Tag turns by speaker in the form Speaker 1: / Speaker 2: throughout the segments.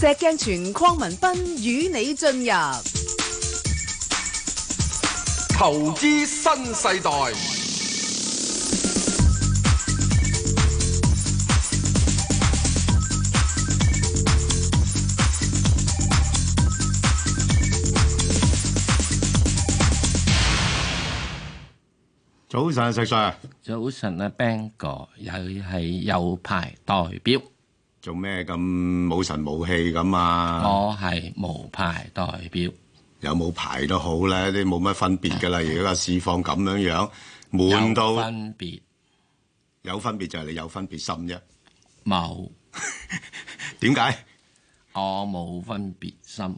Speaker 1: 石鏡泉鄺文斌與你進入
Speaker 2: 投資新世代。早晨，石 Sir。早晨啊，Bang
Speaker 1: 哥又係有排代表。做咩咁冇神冇氣咁啊？我係無牌代表，有冇牌都好啦，你冇乜分別噶啦。而家個市況咁樣樣滿到有分別，有分別就係你有分別心啫。冇？點解？我冇分別心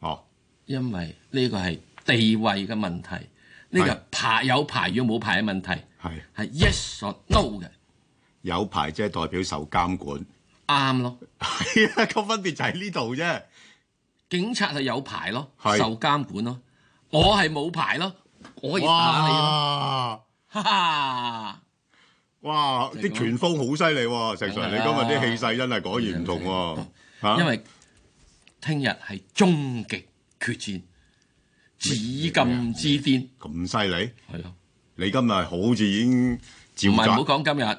Speaker 1: 哦，因為呢個係地
Speaker 2: 位嘅問題，呢個牌有牌與冇牌嘅問題係係 yes or no
Speaker 1: 嘅。有牌即係代表受監管。
Speaker 2: 啱咯，係啊，個分別就喺呢度啫。警察係有牌咯，受監管咯，我係冇牌咯。我而打你，哈
Speaker 1: 哈！哇，啲、就是、拳風好犀利、啊，石 Sir 你今日啲氣勢真係果然唔同喎、啊啊。因為聽日係終極決戰，紫禁之巔咁犀利，係咯，啊？你今日好似已經唔係唔好講今日。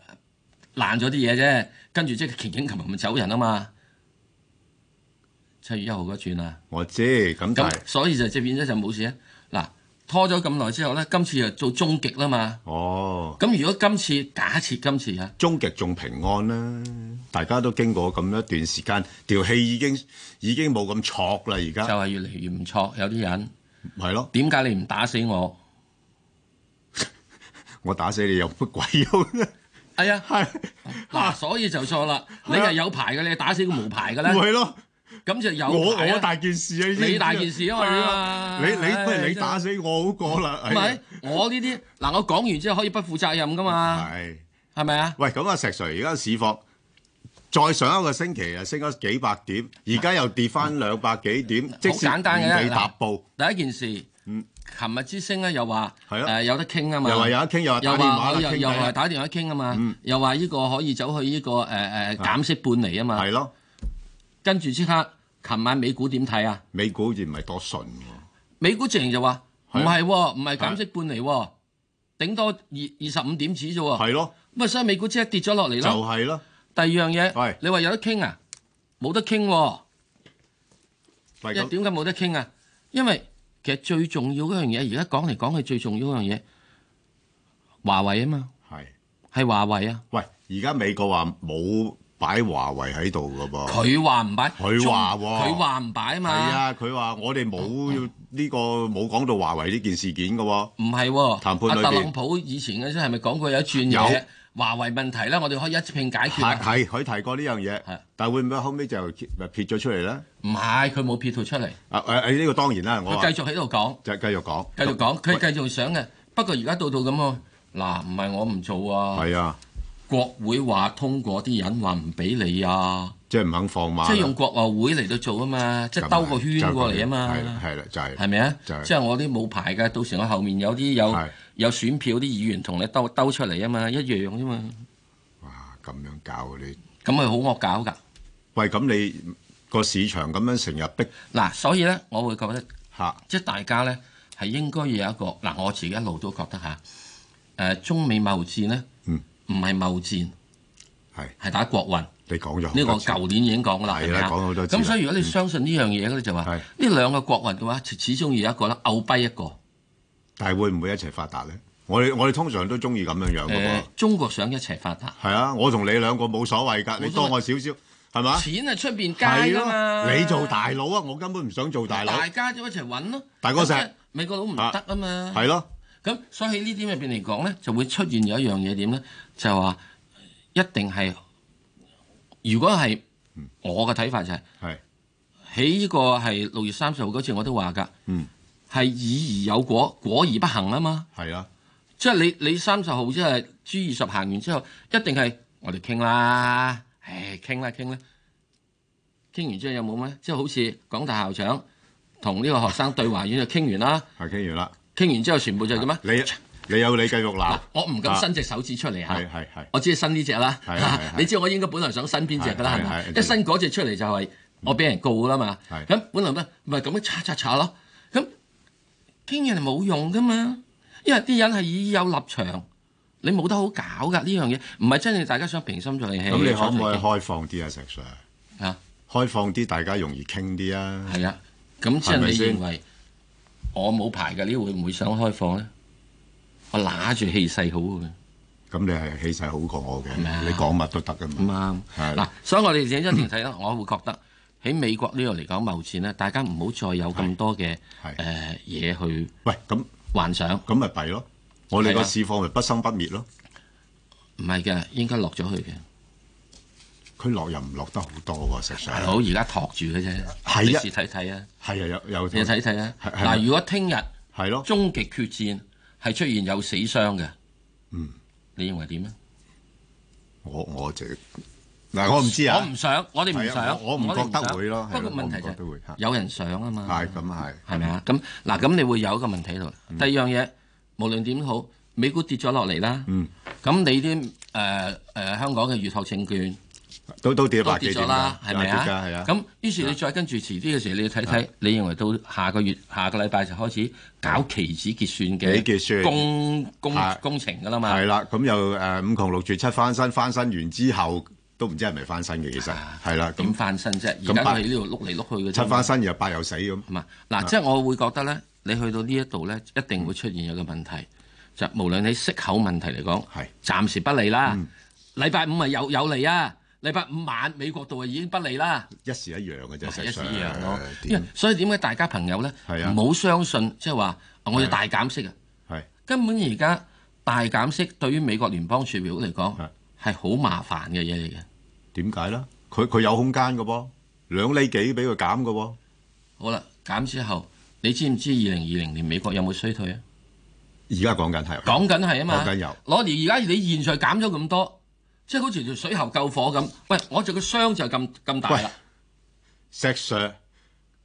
Speaker 2: 爛咗啲嘢啫，跟住即係琴日走人啊嘛！七月一號嗰轉啊，
Speaker 1: 我知咁但係，
Speaker 2: 所以就即係變咗就冇事啊！嗱，拖咗咁耐之後咧，今次就做終極啦嘛！
Speaker 1: 哦，咁如果今次假設今次啊終極仲平安啦，啊，大家都經過咁一段時間，條氣已經已經冇咁挫啦，而家就係、是、越嚟越唔挫，有啲人係咯，點解你唔打死我？ 我打死你又乜鬼用呢？
Speaker 2: 係啊，係嗱，所以就錯啦。你係有牌嘅，你打死個無牌嘅咧。係咯，咁就有我大件事啊，你大件事啊嘛。你你不如你打死
Speaker 1: 我好過啦。係咪？我呢啲嗱，我講完之後可以不負責任噶嘛。係，係咪啊？喂，咁啊，石 Sir 而家市況再上一個星期啊，升咗幾百點，而家又跌翻兩百幾點，即係未踏步。第一件事。
Speaker 2: 琴日之星咧，又話誒、啊呃、有得傾啊嘛，又話有得傾，又話又又係打電話傾啊嘛，又話呢、啊、個可以走去呢、這個誒誒減息半厘啊嘛，係咯、啊啊。跟住即刻，琴晚美股點睇啊？
Speaker 1: 美股好似唔係多順嘅、
Speaker 2: 啊，美股直情就話唔係唔係減息半厘、哦，頂、啊、多二二十五點子啫喎。係咯、啊，咁啊所以美股即刻跌咗落嚟咯。就係、是、咯、啊。第二樣嘢，你話有得傾啊？冇得傾、啊，又點解冇得傾啊？因為。其實最重要嗰樣嘢，而家講嚟講去最重要嗰樣嘢，華為啊嘛，係係華
Speaker 1: 為啊。喂，而家美國話冇擺華為喺度噶噃，佢話唔擺，佢話佢話唔擺啊嘛。係、哦、啊，佢話我哋冇呢個冇講到華為呢件事件噶。唔係、啊，談判裡面，特朗
Speaker 2: 普以前嗰陣係咪講過有一串華為問題咧，我哋可以一拼解決、啊。係
Speaker 1: 佢提過呢樣嘢。係，但會唔會後尾就撇咗出嚟咧？唔係，佢冇撇脫出嚟。誒誒誒，呢、啊啊呢個當然啦。我繼續喺度講，就繼續講，
Speaker 2: 繼續講，佢繼續想嘅。不過而家到到咁啊，嗱，唔係我唔做啊。係啊，國會話通過啲人話唔俾你啊。即係唔肯放慢，即係用國外會嚟到做啊嘛！即係兜個圈過嚟啊嘛！係啦，係啦，就係、係，係咪啊？即係、就係就係、我啲冇牌嘅，到時我後面有啲有有選票啲議員同你兜兜出嚟啊嘛，一樣啫嘛。
Speaker 1: 哇！咁樣搞你，咁係好惡搞㗎。喂，咁你個市場咁樣成日逼嗱，所以咧，我會覺得吓，即係大家咧係應
Speaker 2: 該要有一個嗱，我自己一路都覺得吓，誒、啊、中美貿戰咧，嗯、唔係貿戰，係係打國運。你講咗呢個舊年已經講啦，係啦，講好多次。咁所以如果你相信呢樣嘢咧，就話呢兩個國運嘅話，始始終有一個咧牛逼一個，
Speaker 1: 但係會唔會一齊發達咧？我哋我哋通常都中意咁樣樣嘅、呃那個。中國想一齊發達係啊！我同你兩個冇所謂㗎，你多我少少係嘛？錢係出邊計啊嘛！你做大佬啊，我根本唔想做大佬。大
Speaker 2: 家都一齊揾咯，大哥美國佬唔得
Speaker 1: 啊嘛？係咯。
Speaker 2: 咁所以呢啲入邊嚟講咧，就會出現有一樣嘢點咧，就話、是、一定係。如果係我嘅睇法就係、是，喺、嗯、呢個係六月三十號嗰次我都話噶，係、嗯、以而有果，果而不行啊嘛。係啊，即、就、係、是、你你三十號即係 G 二十行完之後，一定係我哋傾啦，誒傾啦傾啦。傾完之後有冇咩？即係好似港大校長同呢個學生對話完就傾 完啦，係傾完啦，傾完之後全部就係咁啊。你有你繼續鬧，啊，我唔敢伸隻手指出嚟嚇、啊啊。我只係伸呢隻啦。你知道我應該本來想伸邊隻噶啦，係咪？一伸嗰隻出嚟就係我俾人告啦嘛。咁本來唔係咁樣擦擦擦咯。咁傾人冇用噶嘛，因為啲人係已有立場，你冇得好搞噶呢樣嘢，唔係真正大家想平心靜氣。咁你可唔可以
Speaker 1: 開放啲啊，石 Sir？嚇、啊，開放啲，大家容易傾啲啊。係啊，咁即係你認為我冇牌嘅，你
Speaker 2: 會唔會想開放咧？我拿住氣勢好嘅，咁你係氣勢好
Speaker 1: 過我嘅，你講乜都得㗎嘛。咁啱，
Speaker 2: 嗱，所以我哋影張片睇啦，我會覺得喺美國呢度嚟講貿戰咧，大家唔好再有咁多嘅誒嘢去喂
Speaker 1: 咁幻想，咁咪弊咯。我哋個市況咪不生不滅咯，唔係嘅，應該落咗去嘅。佢落又唔落得好多喎，實上好而家托
Speaker 2: 住嘅啫。睇一睇睇啊，係啊有有，你睇睇啊。嗱，如果聽日係咯終極決戰。係出現有死傷嘅，嗯，你認為點呢？我我就嗱，我唔知啊。我唔想，我哋唔想、啊、想。我唔覺得會咯。不過問題就係有人想啊嘛。係咁係。係咪啊？咁嗱、咁、嗯、你會有一個問題喺度、嗯。第二樣嘢，無論點好，美股跌咗落嚟啦。嗯。咁你啲誒誒香港嘅預託證券，都都跌百幾點㗎？係咪啊？咁、啊啊、於是你再跟住遲啲嘅時候，你要睇睇、啊。你認為到下個月、下個禮拜就開始搞期指結算嘅結算工
Speaker 1: 工、啊、工程㗎啦嘛？係啦、啊，咁又誒五窮六絕七翻身，翻身完之後都唔知係咪翻身嘅，其實係啦。點翻身啫？而家喺呢度碌嚟碌去嘅七翻身又八又死咁。係嘛、啊？嗱、啊啊，即係我會覺得咧，你去到呢一度咧，一
Speaker 2: 定會出現有個問題，嗯、就係、無論你息口問題嚟講，係、嗯、暫時不利啦。禮、嗯、拜五係有有利啊！禮拜五晚美國度啊已經不利啦，一時一樣嘅啫，一時一樣咯。因為所以點解大家朋友咧唔好相信即係話我要大減息啊？係根本而家大減息對於美國聯邦儲票嚟講
Speaker 1: 係好麻煩嘅嘢嚟嘅。點解咧？佢佢有空間嘅噃，兩釐幾俾佢減嘅喎。好啦，減之後你知唔知二零二零年美國有冇衰退啊？而家講緊係講緊係啊嘛，講緊有。
Speaker 2: 攞嚟而家你現在減咗咁多。即係好似條水喉救火咁，喂！我隻個傷就咁咁大啦。
Speaker 1: 石 Sir，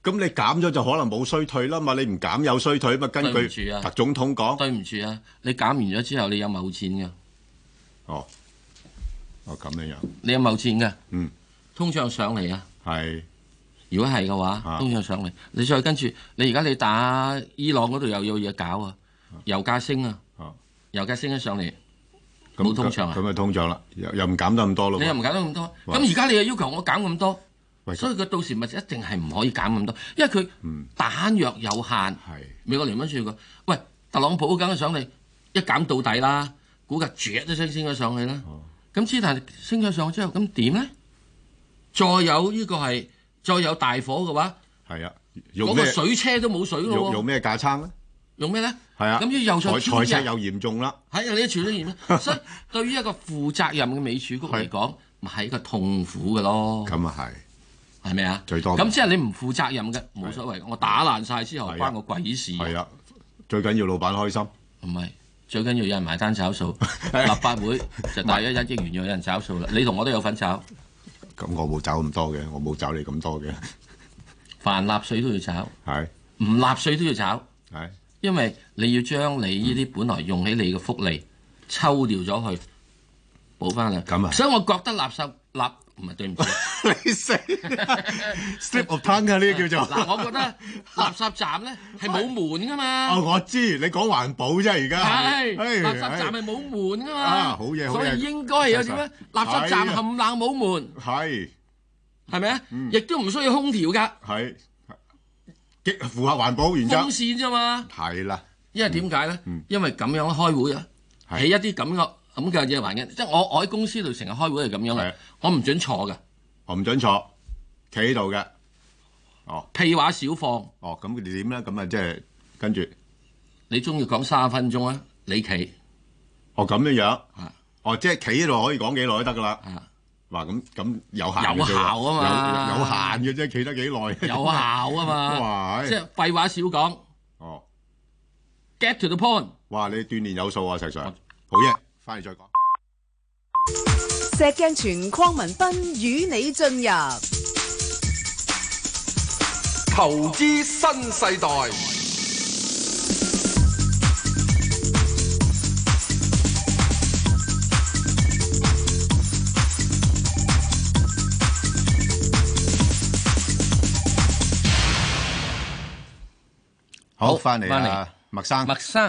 Speaker 1: 咁你減咗就可能冇衰退啦嘛？你唔減有衰退啊嘛？根據特總統講。對唔住啊，你減完咗之後，你有冇錢噶？哦，
Speaker 2: 哦咁樣樣。你有冇錢噶？嗯。通脹上嚟啊。係。如果係嘅話，通脹上嚟。你再跟住，你而家你打伊朗嗰度又有嘢搞啊，油價升啊，油價升咗上嚟。
Speaker 1: 冇通脹啊！咁咪通脹啦，又又唔減得咁多咯，你又唔減得咁多，
Speaker 2: 咁而家你又要求我減咁多，所以佢到時咪一定係唔可以減咁多，因為佢彈藥有限。係、嗯、美國聯儲說過，喂，特朗普揀咗上嚟，一減到底啦，估計住都先升咗上去啦。咁、哦、之但升咗上去之後，咁點咧？再有呢個係再有大火嘅話，係啊，嗰、那個水車都冇水喎、啊，用咩架撐咧？用咩咧？
Speaker 1: 係啊，咁要又財赤又
Speaker 2: 嚴重啦，係啊，你儲都嚴啦， 所以對於一個負責任嘅美儲局嚟講，咪係、就是、一個痛苦嘅咯。咁啊係，係咩啊？最多咁即係你唔負責任嘅，冇、啊、所謂，我打爛晒之後關、啊、我鬼事、啊。係啊，啊，最緊要老闆開心。唔係最緊要有人埋單找數， 立法會就大約一億元要有人找數啦。 你同我都有份找，
Speaker 1: 咁我冇找咁多嘅，我冇找你咁多嘅。
Speaker 2: 凡納稅都要找，係唔、啊、納稅都要找，係、啊。因為你要將你呢啲本來用起你嘅福利抽掉咗去補翻啦，咁啊，所以我覺得垃圾垃唔係對唔住，你死
Speaker 1: ，slip of tongue 噶，呢個叫做。嗱，我覺
Speaker 2: 得垃圾站咧係冇門噶嘛。哦，我
Speaker 1: 知你講環保啫，而家。係垃圾站係
Speaker 2: 冇門噶嘛。啊，好嘢，好嘢。所以應該有啲咩垃圾站冚冷
Speaker 1: 冇門。係，係咪啊？嗯。亦都唔需要空調噶。係。符合環保原則。風扇啫嘛。係啦。
Speaker 2: 因為點解咧？因為咁樣開會啊，喺一啲咁嘅咁嘅嘅環境。即係、就是、我我喺公司度成日開會係咁樣，是啊，我唔准坐㗎，我唔准坐，企喺度嘅。
Speaker 1: 哦。屁話少放。哦，咁佢哋點咧？咁啊、就是，即係跟住。你中意講三分鐘啊？你企。哦，咁嘅樣。是啊。哦，即係企喺度可以講幾耐都得㗎啦。哇，咁咁有限，有效啊嘛，有，有限嘅啫，企得幾耐，有效啊嘛，即係
Speaker 2: 廢話少講。
Speaker 1: 哦，Get to the point。哇，你鍛煉有數啊，石 Sir、嗯，好嘢，翻嚟再講。石鏡泉匡文斌與你進入
Speaker 3: 投資新世代。
Speaker 1: 好，翻嚟翻嚟啊，麥生。麥生，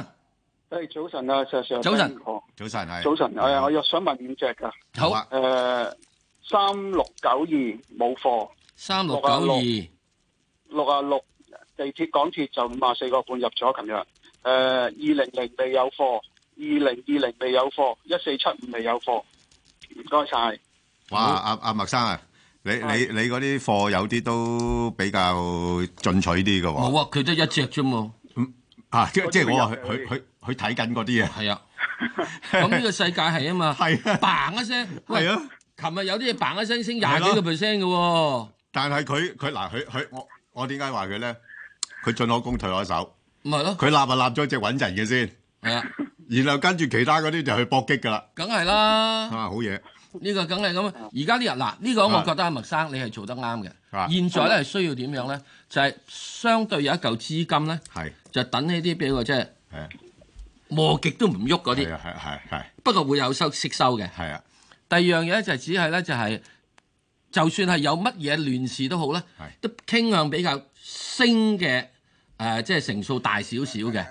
Speaker 3: 誒、hey, 啊，早晨啊，石石。早晨，
Speaker 1: 早晨係。早
Speaker 3: 晨，係啊，我又想問五隻噶、啊呃 36, 呃。好，誒，三六九二冇貨。
Speaker 2: 三六九二，
Speaker 3: 六啊六。地鐵港鐵就五啊四個半入咗，琴日。誒，二零零未有貨，二零二零未有貨，一四七五未有貨。
Speaker 2: 唔該晒。
Speaker 1: 哇，阿、啊、阿麥生啊！你你你嗰啲貨有啲都比較進取啲嘅
Speaker 2: 喎。冇啊，佢得一隻啫嘛。嗯，
Speaker 1: 啊，即即係我話佢佢佢睇緊嗰啲嘢。係啊，
Speaker 2: 咁呢個世界係啊嘛。係。bang 一
Speaker 1: 聲。係啊。琴日有啲嘢 bang 一聲升廿幾個 percent 嘅喎。但係佢佢嗱佢佢我我點解話佢咧？佢進可攻退可守。唔係咯。佢揦啊揦咗一隻穩陣嘅先。係啊。然後跟住其他嗰啲就去搏擊㗎啦。
Speaker 2: 梗係啦。啊，好嘢。呢、這個梗係咁而家啲人嗱，呢、這個我覺得阿麥、啊、生你係做得啱
Speaker 1: 嘅、啊。現在咧係、嗯、
Speaker 2: 需要點樣咧？就係、是、相對有一嚿資金咧，就等呢啲比較即係磨極都唔喐嗰啲。係係係，不過會有收息收嘅。係啊。第二樣嘢咧就係只係咧就係、是就是，就算係有乜嘢亂事都好咧，都傾向比較升嘅誒，即係成數大少少嘅，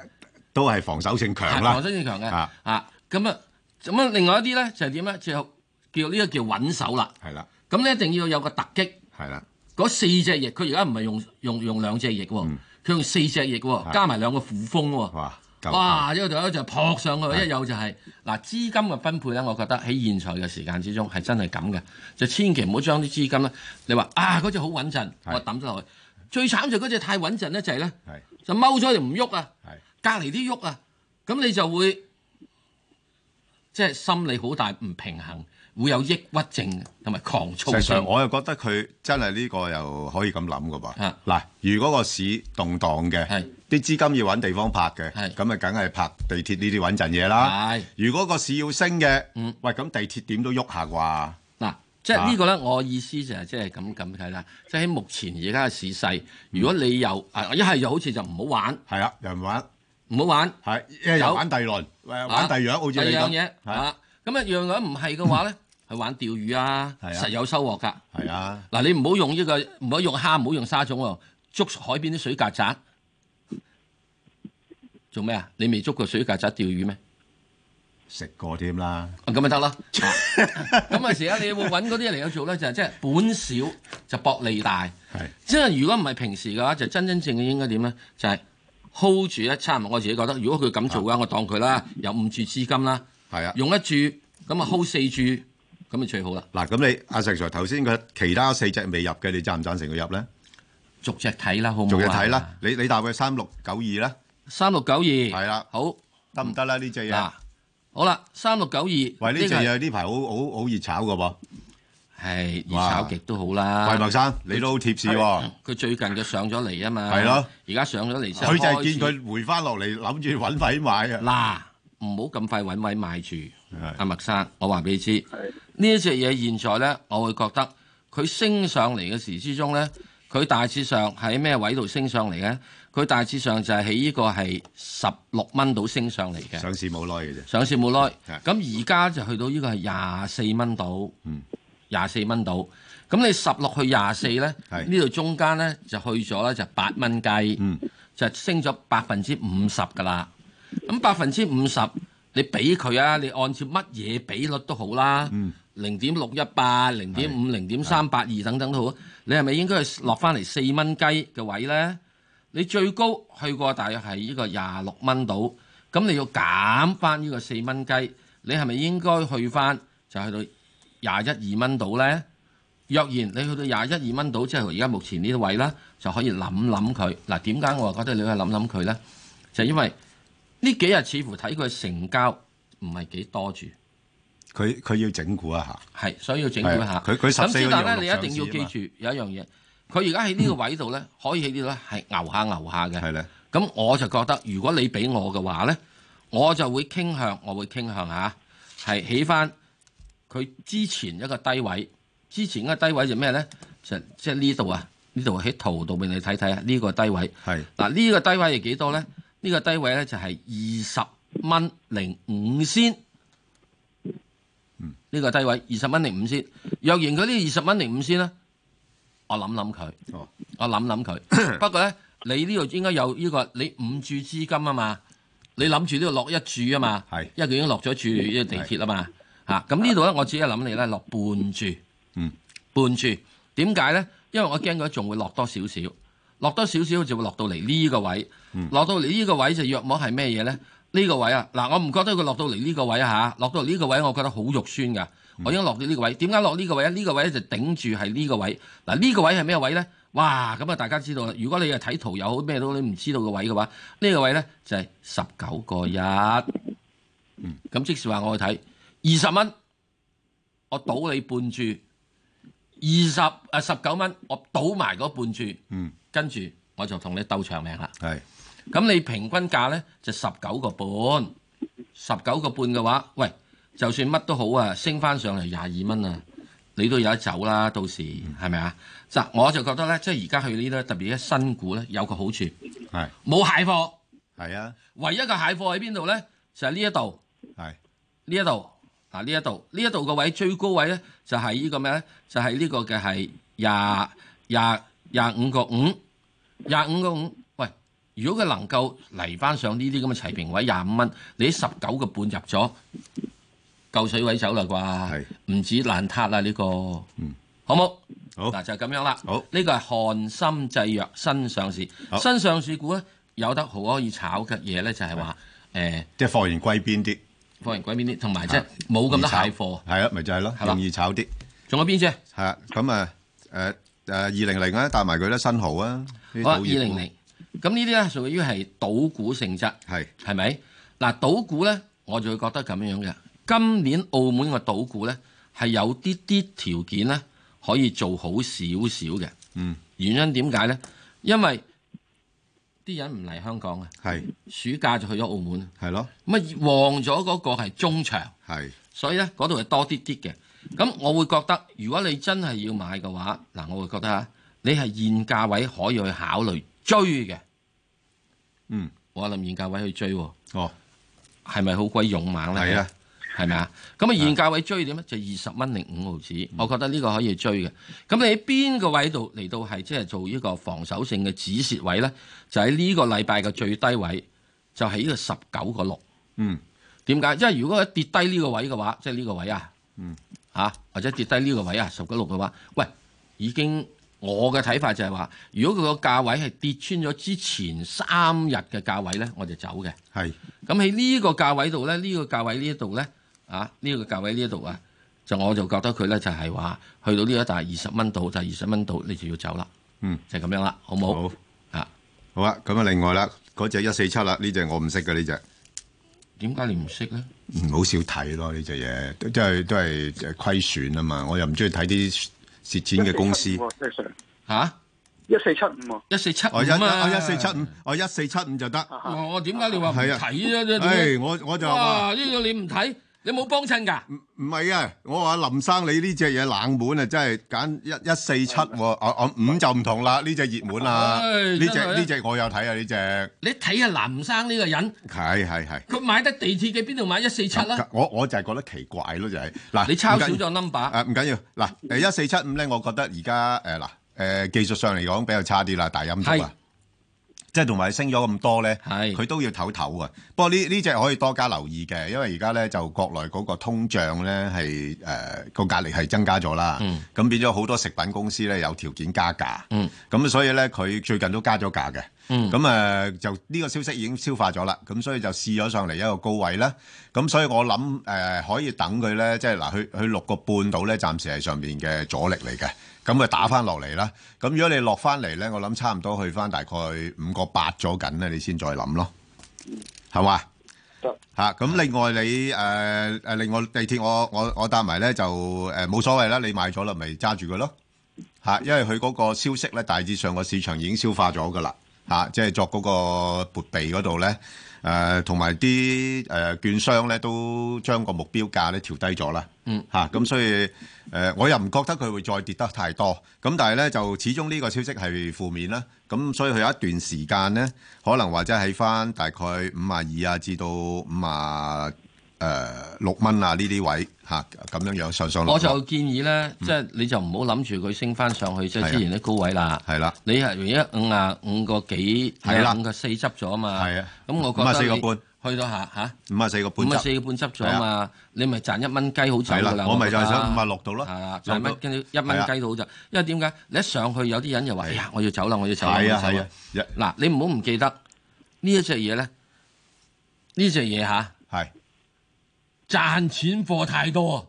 Speaker 1: 都係防守性強啦。防
Speaker 2: 守性強嘅啊咁啊，咁啊，另外一啲咧就係點咧？最後叫呢個叫穩守啦，係啦。咁你一定要有個突擊，係啦。嗰四隻翼，佢而家唔係用用用兩隻翼喎、哦，佢、嗯、用四隻翼喎、哦，加埋兩個副風喎，哇！哇就上去！一有就係撲上去，一有就係嗱，資金嘅分配咧，我覺得喺現在嘅時間之中係真係咁嘅，就千祈唔好將啲資金咧，你話啊嗰隻好穩陣，我抌咗落去的。最慘就嗰隻太穩陣咧，就係、是、咧，就踎咗又唔喐啊，隔離啲喐啊，咁你就會即係、就是、心理好大唔平衡。會有抑鬱症同埋狂躁症。我
Speaker 1: 又覺得佢真係呢個又可以咁諗㗎。噃、啊。嗱，如果個市動盪嘅，啲資、啊、金要揾地方拍嘅，咁咪梗係拍地鐵呢啲穩陣嘢啦。如果個市要升嘅、嗯，喂咁地鐵點都喐下啩？嗱、
Speaker 2: 啊，即係呢個咧，我意思就係即係咁咁睇啦。即係喺目前而家嘅市勢，如果你又一係、啊啊、就好似就唔好玩。係啊，啊，又唔玩？唔好玩。係，一係又玩第二輪喂，玩第二、啊、樣，好似你咁。一、啊、樣嘢。係啦，咁一樣嘅唔係嘅話咧？去玩釣魚啊！實、啊、有收穫㗎。啊，嗱你唔好用呢、呢個，唔好用蝦，唔好用沙種喎，捉海邊啲水曱甴做咩啊？你未捉過水曱甴釣魚咩？食過添啦。咁咪得啦。咁啊 時間你會揾嗰啲嚟去做咧，就係即係本少就薄利大。係，即係如果唔係平時嘅話，就真真正嘅應該點咧？就係、是、hold 住一餐。我自己覺得，如果佢咁做嘅話、啊，我當佢啦，有五注資金啦。啊，用一注咁啊 hold 四注。
Speaker 1: 咁咪最好啦！嗱，咁你阿石 Sir 頭先佢其他四隻未入嘅，你贊唔贊成佢入咧？逐隻睇啦，好唔好啊？逐隻睇啦，你你答佢三六九二啦。三六九二。係啦。好得唔得啦？呢隻嘢。嗱，好啦，三六九二。喂，呢隻嘢呢排好好好熱炒嘅噃。係熱炒極都好啦。喂，麥生，你都好貼士喎。
Speaker 2: 佢最近就上咗嚟啊嘛。係咯。而家上咗嚟。佢就係見佢回翻落嚟，諗住揾位買啊。嗱，唔好咁快揾位賣住。阿、啊、麥生，我話俾你知，呢一隻嘢，現在呢，我會覺得佢升上嚟嘅時之中呢，佢大致上喺咩位度升上嚟呢？佢大致上就係喺呢個係十六蚊度升上嚟嘅。上市冇耐嘅啫。上市冇耐。咁而家就去到呢個係廿四蚊度。嗯。廿四蚊度。咁你十六去廿四呢，呢度中間呢就去咗呢就八蚊雞。嗯。就升咗百分之五十噶啦。咁百分之五十。你俾佢啊！你按照乜嘢比率都好啦，零點六一八、零點五、零點三八二等等都好。你係咪應該去落翻嚟四蚊雞嘅位呢？你最高去過大約係呢個廿六蚊到，咁你要減翻呢個四蚊雞，你係咪應該去翻就去到廿一二蚊到呢？若然你去到廿一二蚊到，即係而家目前呢個位呢，就可以諗諗佢。嗱，點解我覺得你要諗諗佢呢？就因為呢幾日似乎睇佢成交唔係幾多住，
Speaker 1: 佢佢要整固一下，
Speaker 2: 係所以要整固一下。佢佢十四日咧，他他你一定要記住有一樣嘢，佢而家喺呢個位度咧，嗯、可以喺呢度咧係牛下牛下嘅。係咧，咁我就覺得如果你俾我嘅話咧，我就會傾向，我會傾向嚇係起翻佢之前一個低位，之前一個低位就咩咧？就即係呢度啊，呢度喺圖度俾你睇睇啊，呢個低位係，嗱呢個低位係幾多咧？呢、這個低位咧就係二十蚊零五仙。嗯，呢、這個低位二十蚊零五仙。若然佢呢二十蚊零五仙咧，我諗諗佢，哦，我諗諗佢。不過咧，你呢度應該有呢、這個，你五注資金啊嘛，你諗住呢度落一注啊嘛，係、嗯，因為佢已經落咗注呢個地鐵啊嘛，嚇、嗯。咁、啊、呢度咧，我只係諗你咧落半注，嗯，半注。點解咧？因為我驚佢仲會落多少少。落多少少就會落到嚟呢個位、嗯，落到嚟呢個位就約摸係咩嘢呢？呢個位啊，嗱，我唔覺得佢落到嚟呢個位吓、啊，落到嚟呢個位我覺得好肉酸噶、嗯，我應該落到呢個位，點解落呢個位？呢個位咧就頂住係呢個位，嗱，呢個位係咩位呢？哇！咁啊，大家知道啦。如果你係睇圖又好，咩都你唔知道個位嘅話，呢個位呢就係十九個一，咁即時話我去睇二十蚊，我賭你半注，二十誒十九蚊，我賭埋嗰半注，嗯。跟住我就同你鬥長命啦。係，咁你平均價咧就十九個半，十九個半嘅話，喂，就算乜都好啊，升翻上嚟廿二蚊啊，你都有得走啦。到時係咪啊？就我就覺得咧，即係而家去呢啲特別啲新股咧，有個好處係冇蟹貨。係啊，唯一嘅蟹貨喺邊度咧？就係呢一度。
Speaker 1: 係
Speaker 2: 呢一度啊，呢一度呢一度嘅位最高位咧，就係、是、呢個咩咧？就係、是、呢個嘅係廿廿廿五個五。廿五個五，喂！如果佢能夠嚟翻上呢啲咁嘅齊平位，廿五蚊，你十九個半入咗，夠水位走啦啩？係唔止爛塌啦呢個？嗯，好冇好嗱就係咁樣啦。好呢、這個係汗心製藥新上市，新上市股咧有得好可以炒嘅嘢咧，就係話
Speaker 1: 誒，即係貨源歸邊啲，貨源歸邊啲，同埋即係冇咁多蟹貨，係啊，咪就係咯，容易炒啲。仲有邊隻？係咁啊？誒、啊、誒，二零零啊，帶埋佢啦，新豪啊。二零零，咁呢啲咧屬於係賭股性質，係係咪？
Speaker 2: 嗱，賭股咧，我就會覺得咁樣嘅。今年澳門嘅賭股咧，係有啲啲條件咧，可以做好少少嘅。嗯，原因點解咧？因為啲人唔嚟香港啊，係暑假就去咗澳門，係咯。咁啊，旺咗嗰個係中場，係，所以咧嗰度係多啲啲嘅。咁我會覺得，如果你真係要買嘅話，嗱，我會覺得啊。你係現價位可以去考慮追嘅，嗯，我諗現價位去追喎，哦，係咪好鬼勇猛咧？係啊，係咪啊？咁啊，現價位追點啊？就二十蚊零五毫子，嗯，我覺得呢個可以追嘅。咁你喺邊個位度嚟到係即係做呢個防守性嘅止蝕位咧？就喺呢個禮拜嘅最低位，就喺、是、呢個十九個六。嗯，點解？因為如果跌低呢個位嘅話，即係呢個位啊，嗯，嚇、啊、或者跌低呢個位啊，十九六嘅話，喂，已經。我嘅睇法就係話，如果佢個價位係跌穿咗之前三日嘅價位咧，我就走嘅。係。咁喺呢個價位度咧，呢個價位呢一度咧，啊，呢個價位呢一度啊，就我
Speaker 1: 就覺得佢咧就
Speaker 2: 係話，去到呢一度就係二十蚊度，就係二十蚊度，你就要走啦。嗯。就咁
Speaker 1: 樣啦，好冇？好。啊。好啊。咁啊，另外啦，嗰隻一四七啦，呢隻我唔識嘅呢隻。
Speaker 2: 點解你唔識咧？
Speaker 1: 唔好少睇咯，呢隻嘢，即係都係虧損啊嘛。我又唔中意睇啲。蝕錢嘅公司，吓，一四七五，一四七五啊，一四七五，我一四七五就得。我我，點解你話唔睇啫？我我就呢
Speaker 2: 個你唔睇。你冇幫襯㗎？唔
Speaker 1: 係啊！我話林生，你呢隻嘢冷門啊，真係揀一一四七喎、啊。我、啊啊、五就唔同啦，呢隻熱門啊，呢隻呢隻我有睇啊，呢隻。你睇下、啊、林生呢個人，係係係。
Speaker 2: 佢買得地鐵嘅邊度買一四七啦、啊？
Speaker 1: 我我，我就係覺得奇怪咯，就係、是、嗱。你抄少咗 number。唔緊要嗱，一四七五咧，我覺得而家嗱技術上嚟講比較差啲啦，大陰添啊。即係同埋升咗咁多咧，佢都要唞唞啊。不過呢呢隻可以多加留意嘅，因為而家咧就國內嗰個通脹咧係誒個壓力係增加咗啦。咁變咗好多食品公司咧有條件加價。咁所以咧佢最近都加咗價嘅。咁誒就呢個消息已經消化咗啦。咁所以就試咗上嚟一個高位啦。咁所以我諗誒可以等佢咧，即係嗱去去六個半度咧，暫時係上面嘅阻力嚟嘅。咁咪打翻落嚟啦！咁如果你落翻嚟咧，我諗差唔多去翻大概五個八咗緊咧，你先再諗咯，係嘛？吓、嗯，咁、啊、另外你誒誒、呃，另外地鐵我我我搭埋咧就誒冇、呃、所謂啦，你買咗啦，咪揸住佢咯，吓、啊，因為佢嗰個消息咧大致上個市場已經消化咗噶啦，吓、啊，即係作嗰個撥備嗰度咧。誒同埋啲誒券商咧，都將個目標價咧調低咗啦。嗯，吓、啊、咁所以誒、呃，我又唔覺得佢會再跌得太多。咁但係咧，就始終呢個消息係負面啦。咁所以佢有一段時間咧，可能或者喺翻大概五十二啊，至到五十。誒六蚊啊！呢啲位嚇咁樣樣上上落，我就
Speaker 2: 建議咧，即係你就唔好諗住佢升翻上去，即係之前啲
Speaker 1: 高位啦。係啦，你
Speaker 2: 係一五啊五個幾係五個四執咗啊嘛？係啊，咁我覺得五啊四個半去到下嚇，
Speaker 1: 五啊四個半。五啊四個半執咗啊嘛？
Speaker 2: 你咪賺一蚊雞好走係啦。我咪就係想五啊六度咯，一蚊雞到好就。因為點解你一上去有啲人就話，哎呀，我要走啦，我要走啦，要走啦。嗱，你唔好唔記得呢一隻嘢咧，呢隻嘢嚇係。賺錢貨太多。啊，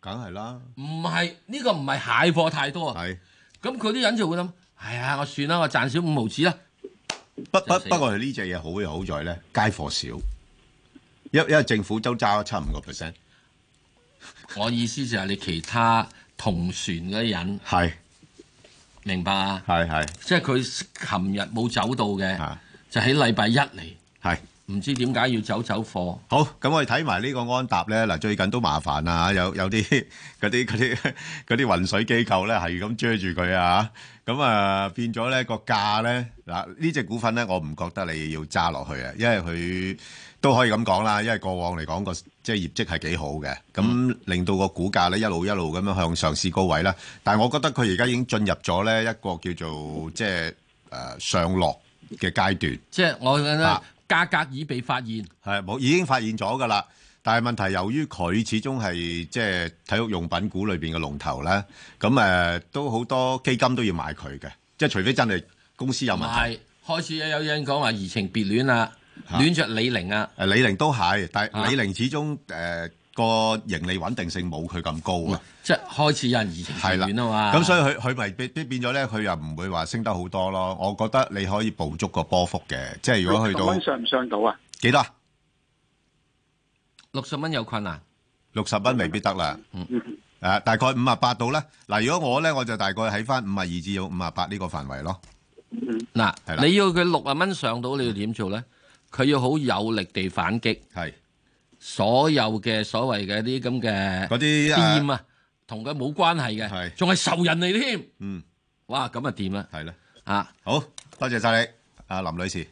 Speaker 2: 梗係啦。唔係呢個唔係蟹貨太多啊。係，咁佢啲人就會諗，係、哎、啊，
Speaker 1: 我算啦，我賺少五毫子啦。不不不過呢隻嘢好嘅好在咧，街貨少，因為因為政府都揸咗七五個 percent。
Speaker 2: 我意思就係、是、你其他同船嗰啲人係，明白啊？係係，即係佢琴日冇走到嘅，就喺禮拜一嚟。唔知點
Speaker 1: 解要走走貨？好，咁我哋睇埋呢個安踏咧，嗱，最近都麻煩啊，有有啲嗰啲嗰啲嗰啲混水機構咧，係咁遮住佢啊，咁啊變咗咧個價咧，嗱呢隻、這個、股份咧，我唔覺得你要揸落去啊，因為佢都可以咁講啦，因為過往嚟講個即係業績係幾好嘅，咁、嗯、令到個股價咧一路一路咁樣向上市高位啦。但係我覺得佢而家已經進入咗咧一個叫做即係誒上落嘅階段。即、就、係、是、我覺得。啊價格已被發現，係冇已經發現咗㗎啦。但係問題由於佢始終係即係體育用品股裏邊嘅龍頭咧，咁誒、呃、都好多基金都要買佢嘅，即係除非真係公司有問題，開始有有人講話移情別戀啦、啊啊，戀着李寧啊，誒李寧都係，但係李寧始終誒。呃個盈利穩定性冇佢咁高啊！即係開始有啲疫情傳染啊嘛，咁所以佢佢咪變變咗咧？佢又唔會話升得好多咯。我覺得你可以捕捉個波幅嘅，即係如果去到六十蚊上唔上到啊？幾多？六十蚊有困難，六十蚊未必得啦。誒，大概五啊八到咧。嗱，如果我咧，我就大概喺翻五啊二至到五啊八呢個範圍咯。
Speaker 2: 嗱，
Speaker 1: 你要佢六啊蚊上到，你要點做咧？佢要好有力
Speaker 2: 地反擊，係。所有嘅所謂嘅啲咁嘅嗰啲店
Speaker 1: 啊，同佢冇關係嘅，仲係仇人嚟添。嗯，哇，咁啊，掂啦。係咧啊，好多謝晒你，阿林女士。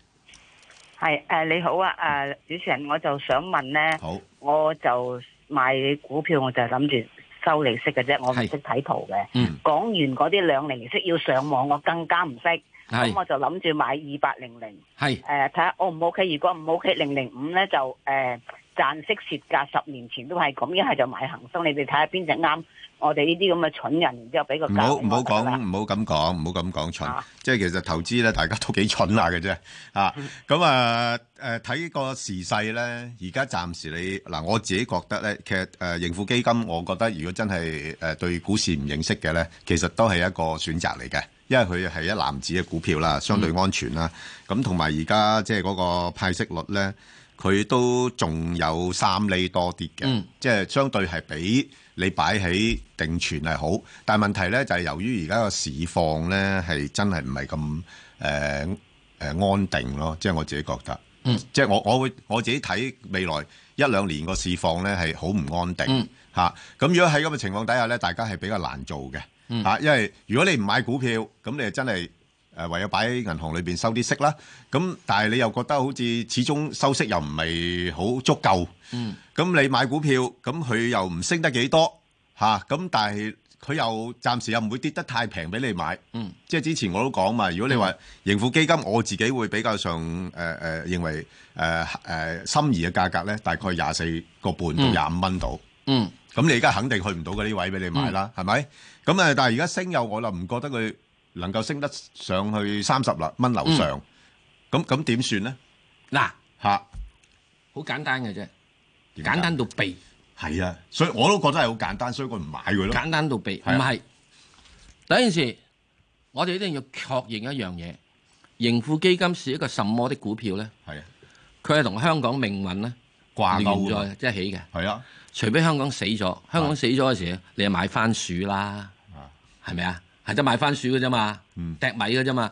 Speaker 3: 係誒，你好啊，誒，主持人，我就想問咧，好，我就買股票，我就諗住收利息嘅啫，我唔識睇圖嘅。嗯，講完嗰啲兩零息要上網，我更加唔識咁，我就諗住買二八零零。係誒，睇下 O 唔 O K？如果唔 O K，零零五咧就誒。賺息蝕價，十年前都係咁，一係就買恆生，你哋睇下邊隻啱。我哋呢啲咁嘅蠢人，然之後俾佢唔好唔好講，
Speaker 1: 唔好咁講，唔好咁講蠢。啊、即係其實投資咧，大家都幾蠢下嘅啫。啊，咁、嗯、啊，誒，睇個時勢咧，而家暫時你嗱，我自己覺得咧，其實誒，盈富基金，我覺得如果真係誒對股市唔認識嘅咧，其實都係一個選擇嚟嘅，因為佢係一籃子嘅股票啦，相對安全啦。咁同埋而家即係嗰個派息率咧。佢都仲有三厘多啲嘅，嗯、即係相對係比你擺喺定存係好，但係問題呢，就係由於而家個市況呢，係真係唔係咁誒誒安定咯，即係我自己覺得，嗯、即係我我會我自己睇未來一兩年個市況呢，係好唔安定嚇，咁、嗯啊、如果喺咁嘅情況底下呢，大家係比較難做嘅嚇、啊，因為如果你唔買股票，咁你就真係。誒，唯有擺喺銀行裏面收啲息啦，咁但係你又覺得好似始終收息又唔係好足夠，嗯，咁你買股票，咁佢又唔升得幾多吓咁、啊、但係佢又暫時又唔會跌得太平俾你買，嗯，即係之前我都講嘛，如果你話盈富基金，我自己會比較上誒誒、呃、認為誒誒心儀嘅價格咧，大概廿四個半到廿五蚊度，嗯，咁、嗯、你而家肯定去唔到嘅呢位俾你買啦，係、嗯、咪？咁啊，但係而家升又我，我就唔覺得佢。能夠升得上去三十六蚊樓上，咁咁點算呢？嗱嚇，好、啊、簡單嘅啫，簡單到避。係啊，所以我都覺得係好簡單，所以我
Speaker 2: 唔買佢咯。簡單到避，唔係、啊。第一件事，我哋一定要確認一樣嘢：盈富基金是一個什麼的股票呢？係啊，佢係同香港命運咧掛鈎咗一齊嘅。係啊，除非香港死咗，香港死咗嘅時候是、啊，你就買番薯啦，係咪啊？係得買番薯嘅啫嘛，掟、嗯、米嘅啫嘛。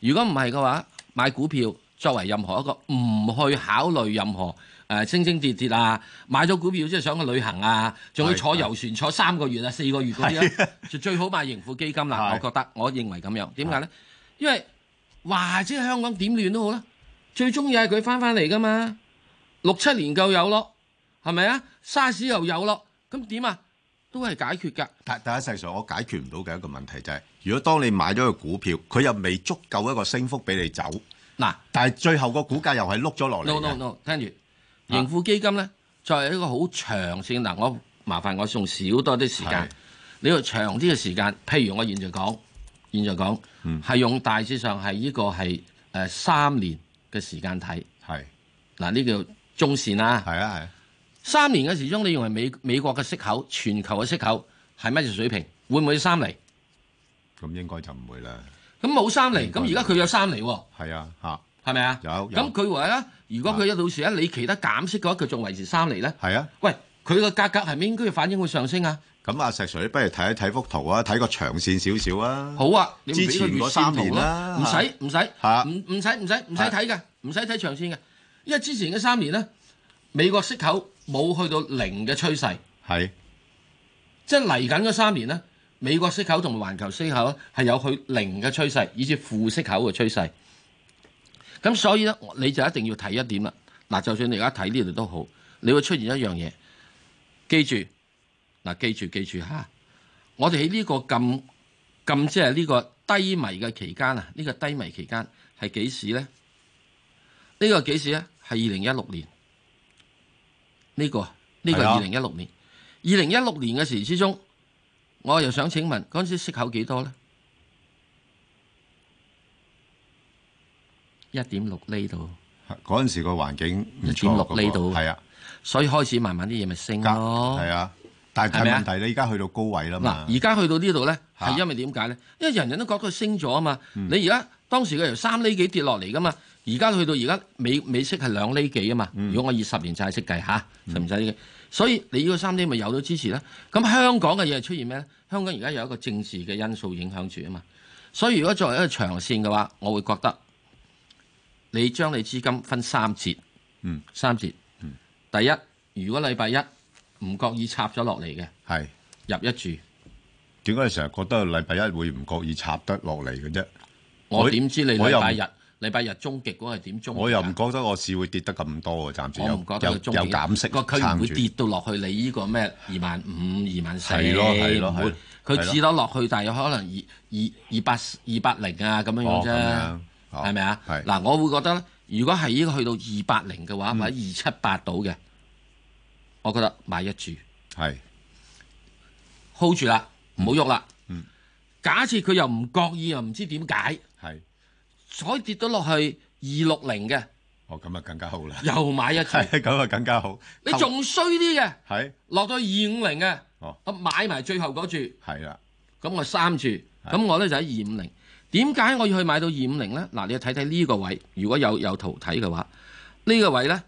Speaker 2: 如果唔係嘅話，買股票作為任何一個唔去考慮任何誒升升跌跌啊，買咗股票之後想去旅行啊，仲要坐遊船是是坐三個月啊四個月嗰啲咧，就最好買盈富基金啦。我覺得我認為咁樣，點解呢？是因為或者香港點亂都好啦，最中意係佢翻翻嚟噶嘛，六七年夠有咯，係咪啊？沙士又有咯，咁點啊？都係
Speaker 1: 解決㗎，但係事實上我解決唔到嘅一個問題就係、是，如果當你買咗個股票，佢又未足夠一個升幅俾你走，嗱，但係最後個股價又係碌咗落嚟。No no no，聽住、
Speaker 2: 啊，盈富基金咧就係一個好長線嗱，我麻煩我送少多啲時間，你要長啲嘅時間，譬如我現在講，現在講，係、嗯、用大致上係呢個係誒三年嘅時間睇，係嗱呢叫中線啦、啊，係啊係。三年嘅時鐘，你認為美美國嘅息口、全球嘅息口係乜嘢水平？會唔會三厘？
Speaker 1: 咁應該就唔會啦。
Speaker 2: 咁冇三厘，咁而家佢有三厘喎。
Speaker 1: 係啊，吓係咪啊？有。咁
Speaker 2: 佢話咧，如果佢一到時咧，你其他減息嘅話，佢仲維持三厘咧。係啊。喂，佢個價格係咪應該反映會上升啊？
Speaker 1: 咁阿石水，不如睇一睇幅圖啊，睇個長線少少啊。好啊，你不啊之前嗰三年啦，唔使
Speaker 2: 唔使，唔唔使唔使唔使睇嘅，唔使睇長線嘅，因為之前嘅三年咧，美國息口。冇去到零嘅趨勢，係即係嚟緊嗰三年咧，美國息口同埋環球息口係有去零嘅趨勢，以至負息口嘅趨勢。咁所以咧，你就一定要睇一點啦。嗱，就算你而家睇呢度都好，你會出現一樣嘢。記住，嗱，記住記住嚇，我哋喺呢個咁咁即係呢個低迷嘅期間啊，呢個低迷期間係幾時咧？呢個幾時咧？係二零一六年。呢、這個呢、這個係二零一六年，二零一六年嘅時期之中，我又想請問嗰陣時息口幾多咧？一點六厘度。
Speaker 1: 嗰陣時的環、那個環境唔錯，一點六厘度
Speaker 2: 係啊，所以開始慢慢啲嘢咪升咯。係啊，但係問題你而家去到高位啦嘛。而家去到這裡呢度咧，係因為點解咧？因為人人都覺得佢升咗啊嘛。嗯、你而家。當時佢由三厘幾跌落嚟噶嘛，而家去到而家美美息係兩厘幾啊嘛、嗯。如果我以年、啊嗯、十年債息計下，使唔使呢？所以你嗰三厘咪有咗支持咧。咁香港嘅嘢出現咩咧？香港而家有一個政治嘅因素影響住啊嘛。所以如果作為一個長線嘅話，我會覺得你將你資金分三節，嗯，三節，嗯，嗯，第一，如果禮拜一唔覺意插咗落嚟嘅，
Speaker 1: 係入一注。點解你成日覺得禮拜一會唔覺意插得落嚟嘅啫？我點知你禮拜日、
Speaker 2: 禮拜日終極嗰個係點終極？我又唔
Speaker 1: 覺得個市會跌得咁多喎，暫時又有減息個區會跌到落去你呢個咩
Speaker 2: 二萬五、二萬四？係咯係咯，佢至到落去就有可能二二二百二百零啊咁樣樣啫，係咪啊？嗱，我會覺得如果係呢個去到二百零嘅話，嗯、或者二七八到嘅，我覺得買一注，係 hold 住啦，唔好喐啦。假設佢又唔覺意，又唔知點解。可以跌到落去二六零嘅，
Speaker 1: 哦咁啊更加好啦，又買一次，咁 啊更加好。你仲
Speaker 2: 衰啲嘅，係落到二五零嘅，哦，我買埋最後嗰注，係啦，咁我就三注，咁我咧就喺二五零。點解我要去買到二五零咧？嗱，你要睇睇呢個位，如果有有圖睇嘅話，呢、呢個位咧。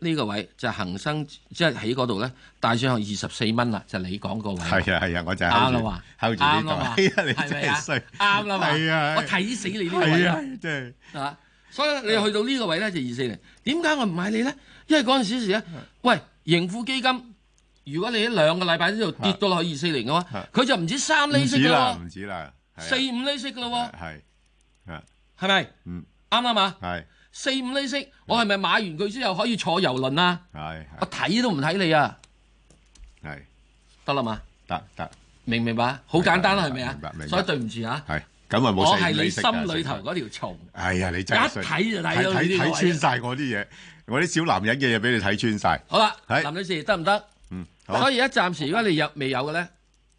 Speaker 2: 呢個位就恒生即係喺嗰度咧，帶上去二十四蚊啦，就係、你講個位。係啊
Speaker 1: 係啊，我就啱啱啦嘛，係咪、哎、啊？啱啦嘛。係啊，我睇死你呢個位。係啊，
Speaker 2: 真係啊，啊，所以你去到呢個位咧就二四零。點解我唔買你咧？因為嗰陣時咧，喂盈富基金，如果你喺兩個禮拜之後跌到落去二四零嘅話，佢就唔止三厘息嘅唔
Speaker 1: 止啦，四
Speaker 2: 五、啊、厘息嘅咯喎。係咪、啊啊啊？嗯，啱啦嘛。係、啊。四五厘息，我係咪買完佢之後可以坐遊輪啊？係係我睇都唔睇你啊！係，得啦嘛，得得，明唔明白？好簡單啦，係咪啊？所以對唔住啊。係，
Speaker 1: 咁啊冇四五厘息㗎。我係你心裏頭嗰條蟲。係、哎、你真係一睇就睇到睇穿晒我啲嘢，我啲小男人嘅嘢俾你睇穿晒。好啦，係林女士得唔得？嗯，所以一暫時，如果你有未有嘅咧，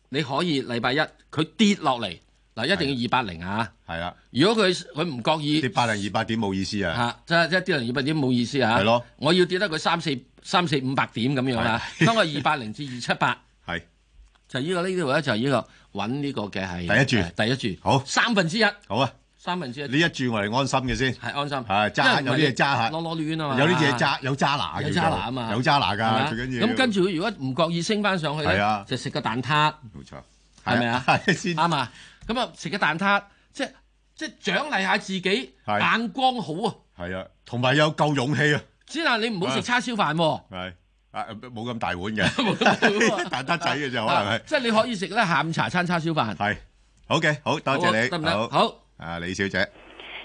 Speaker 2: 你可以禮拜一佢跌落嚟。一定要二八零啊！係啊，如果佢佢唔覺意跌八零二八點冇意思啊！即係一跌零二八點冇意思啊！咯、啊，我要跌得佢三四三四五百點咁樣啦、啊，當佢二八零至二七八，係、啊、就依、是這個呢度咧就依、是這個揾呢個嘅係第一注，第一注、哎、好三分之一，好啊，三分之一呢
Speaker 1: 一注我哋安心嘅先，係、啊、安心，揸有啲嘢揸下，囉囉攣啊嘛，有啲嘢揸有揸拿，有揸拿啊渣嘛，有揸拿㗎、啊，最緊要咁
Speaker 2: 跟住如果唔覺意升翻上去咧、啊，就食個蛋撻，冇錯，係咪啊？啱啊！ 咁啊，食個蛋撻，即係即係獎
Speaker 1: 勵下自己眼光好啊，係啊，同埋有夠勇氣啊，只係你唔好食叉燒飯喎，係啊，冇咁大碗嘅蛋撻仔嘅就可能係？即係你可以食咧下午茶餐叉燒飯，係好嘅，好多謝你，得唔得？好啊，李小姐。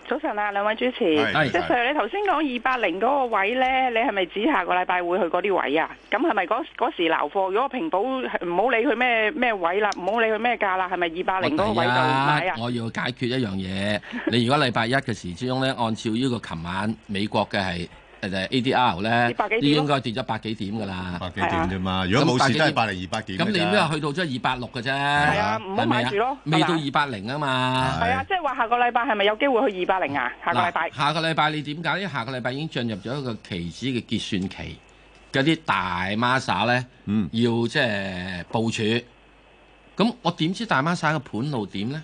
Speaker 3: 早晨啊，兩位主持，即係你頭先講二百零嗰個位咧，你係咪指下個禮拜會去嗰啲位啊？咁係咪嗰嗰時撈貨？如果平保唔好理佢咩咩位啦，唔好理佢咩價啦，係咪二百零嗰位度買啊？
Speaker 2: 我要解決一樣嘢，你如果禮拜一嘅時之中，始終咧按照呢個琴晚美國嘅係。ADR 咧，應該跌咗百幾點㗎啦，百幾點啫嘛。如果冇事都係百零二百幾。咁你咩去到即係二百六嘅啫？係啊，唔好買住咯。未到二百零啊嘛。
Speaker 3: 係啊，即係話下個禮拜係咪有機會去二百
Speaker 2: 零啊？下個禮拜。下個禮拜你點解？因為下個禮拜已經進入咗一個期指嘅結算期，嗰啲大孖沙咧，要即係部署。咁我點知大孖沙嘅盤路點咧？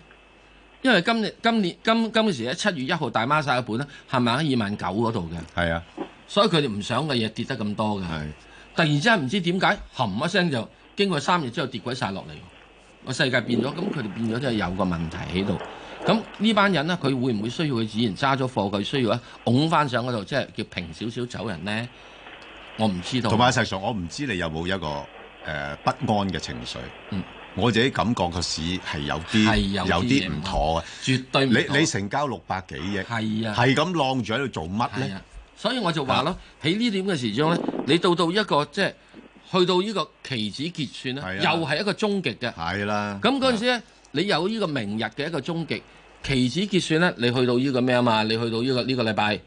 Speaker 2: 因為今年今年今今時咧，七月一號大孖沙嘅盤咧係咪喺二萬九嗰度嘅？係啊。所以佢哋唔想嘅嘢跌得咁多嘅，係，突然之間唔知點解，冚一聲就經過三日之後跌鬼晒落嚟，個世界變咗，咁佢哋變咗即係有個問題喺度。咁呢班人呢，佢會唔會需要佢自然揸咗貨，佢需要啊，拱翻上嗰度，即係叫平少少走人呢？
Speaker 1: 我唔知道。同埋實際上，我唔知你有冇一個誒、呃、不安嘅情緒、嗯。我自己感覺個市係有啲有啲唔妥嘅，絕對唔妥。你你成交六百幾億，係啊，係咁晾住喺度做乜呢？所以我就話咯，喺呢點嘅時
Speaker 2: 鐘咧，你到到一個即係去到呢個期指結算咧、啊，又係一個終極嘅。係啦、啊。咁嗰陣時咧，你有呢個明日嘅一個終極期指結算咧，你去到呢個咩啊嘛？你去到呢個呢個禮拜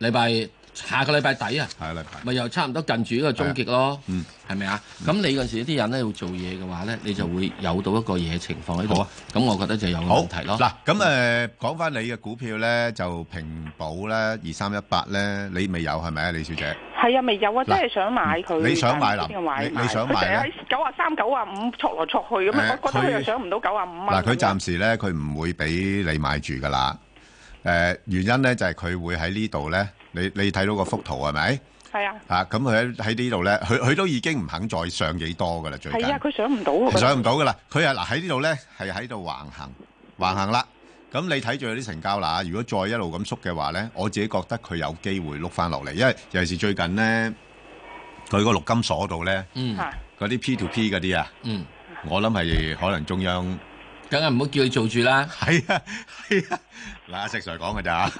Speaker 2: 禮拜。下個禮拜底啊，係啊，禮拜咪又差唔多近住呢個終極咯，嗯，係咪啊？咁你嗰陣時啲人咧要做嘢嘅話咧，你就會有到一個嘢情況喺度啊。咁我覺得就有個問題咯。嗱，咁誒
Speaker 1: 講翻你嘅股票咧，就平保咧，二三一八咧，你未有係咪啊，李小姐？
Speaker 3: 係啊，未有啊，真係想買佢。你想買啦、啊、你，你，你想買？佢喺九啊三、九啊五，挫來挫去，咁我覺得佢又上唔到九啊五蚊。嗱，佢暫
Speaker 1: 時咧，佢唔會俾你買住噶啦。誒、呃，原因咧就係、是、佢會喺呢度咧。你你睇到個幅圖係咪？係啊。嚇，咁佢喺喺呢度咧，佢佢都已經唔肯再上幾多㗎啦，最近。係啊，
Speaker 3: 佢上唔到。上
Speaker 1: 唔到㗎啦，佢啊嗱，喺呢度咧係喺度橫行橫行啦。咁你睇住佢啲成交嗱，如果再一路咁縮嘅話咧，我自己覺得佢有機會碌翻落嚟，因為尤其是最近咧，佢個陸金所度咧，嗰啲 P to P 嗰啲啊，我諗係可能中央。梗係唔好叫佢做住啦！係啊，係啊，嗱阿石 Sir 講嘅咋，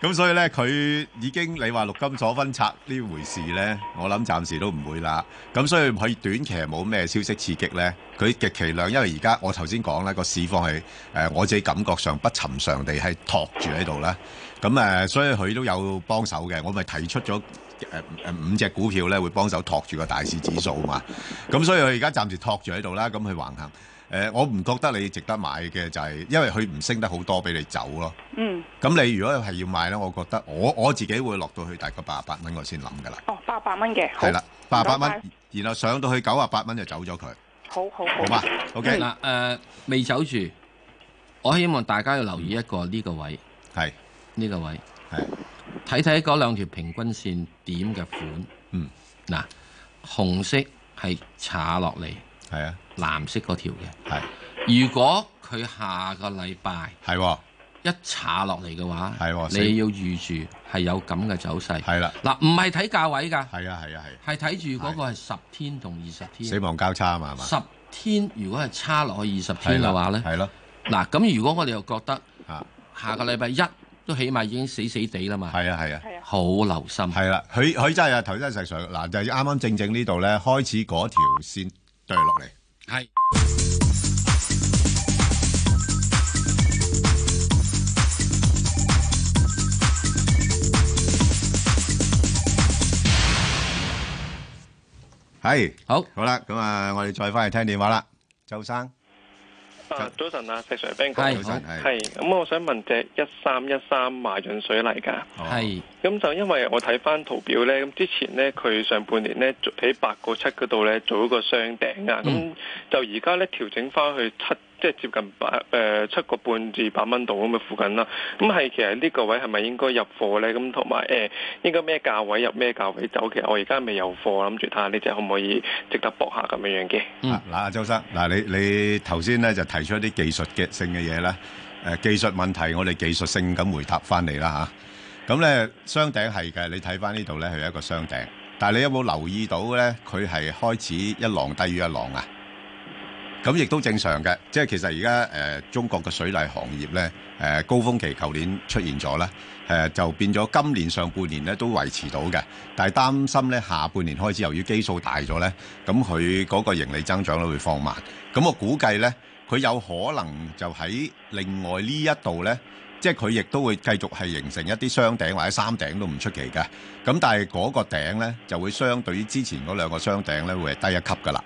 Speaker 1: 咁所以咧佢已經，你話陸金所分拆呢回事咧，我諗暫時都唔會啦。咁所以佢短期係冇咩消息刺激咧，佢極其量，因為而家我頭先講啦，個市況係誒我自己感覺上不尋常地係托住喺度啦。咁誒，所以佢都有幫手嘅，我咪提出咗誒誒五隻股票咧會幫手托住個大市指數嘛。咁所以佢而家暫時托住喺度啦，咁佢橫行。誒、呃，我唔覺得你值得買嘅就係、是，因為佢唔升得好多俾你走咯。嗯。咁你如果係要買呢，我覺得我我自己會落到去大概八百蚊，我先諗㗎啦。哦，
Speaker 3: 八百蚊嘅。係啦，
Speaker 1: 八百蚊，然後上到去九百八蚊就走咗佢。好
Speaker 3: 好好。好嘛，OK 嗱、
Speaker 2: 呃，誒、呃、未走住，我希望大家要留意一個呢個位，係、嗯、呢、這個位，係睇睇嗰兩條平均線點嘅款。嗯。嗱、呃，紅色係插落嚟。係啊。藍色嗰條嘅，如果佢下個禮拜一查落嚟嘅話、哦，你要預住係有咁嘅走勢。係啦、啊，嗱唔係睇價位㗎，係啊係啊係，係睇住嗰個係十天同二十天死亡交叉啊嘛，係嘛？十天如果係差落去二十天嘅話咧，係咯、啊。嗱咁、啊啊、如果我哋又覺得吓下個禮拜一都起碼已經死死地啦嘛，係啊係啊，好、啊、留心。係
Speaker 1: 啦、啊，佢佢真係頭真係上，嗱就係啱啱正正呢度咧開始嗰條線對落嚟。係，係，好好啦，咁啊，我哋再返嚟聽電話啦，周生。
Speaker 3: 啊，早晨啊，石常兵，早晨，係，咁我想問，隻一三一三華潤水泥㗎，係，咁就因為我睇翻圖表咧，咁之前咧佢上半年咧喺八個七嗰度咧做咗個雙頂啊，咁、嗯、就而家咧調整翻去七。即係接近百誒七個半至八蚊度咁嘅附近啦，咁係其實呢個位係咪應該入貨咧？咁同埋誒應該咩價位入咩價位走？其實我而家未有貨，諗住睇下呢隻可唔可以值得博下咁樣樣嘅。嗱、
Speaker 1: 嗯，阿、啊、周生，嗱、啊、你你頭先咧就提出一啲技術嘅性嘅嘢咧，誒、呃、技術問題我哋技術性咁回答翻嚟啦吓，咁、啊、咧雙頂係嘅，你睇翻呢度咧係一個雙頂，但係你有冇留意到咧佢係開始一浪低於一浪啊？咁亦都正常嘅，即係其實而家誒中國嘅水泥行業呢，誒、呃、高峰期，舊年出現咗呢，誒、呃、就變咗今年上半年呢都維持到嘅，但係擔心呢，下半年開始由於基數大咗呢，咁佢嗰個盈利增長咧會放慢，咁我估計呢，佢有可能就喺另外呢一度呢，即係佢亦都會繼續係形成一啲雙頂或者三頂都唔出奇嘅，咁但係嗰個頂呢，就會相對於之前嗰兩個雙頂呢，會係低一級噶啦。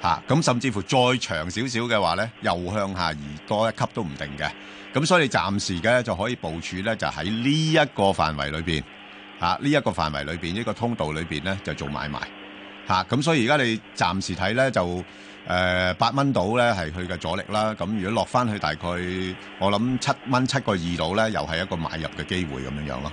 Speaker 1: 吓！咁甚至乎再長少少嘅話咧，又向下移多一級都唔定嘅。咁所以你暫時咧就可以部署咧，就喺呢一個範圍裏邊，吓呢一個範圍裏邊呢一個通道裏邊咧就做買賣。吓！咁所以而家你暫時睇咧就誒八蚊到咧係佢嘅阻力啦。咁如果落翻去大概我諗七蚊七個二到咧，又係一個買入嘅機會咁樣樣咯。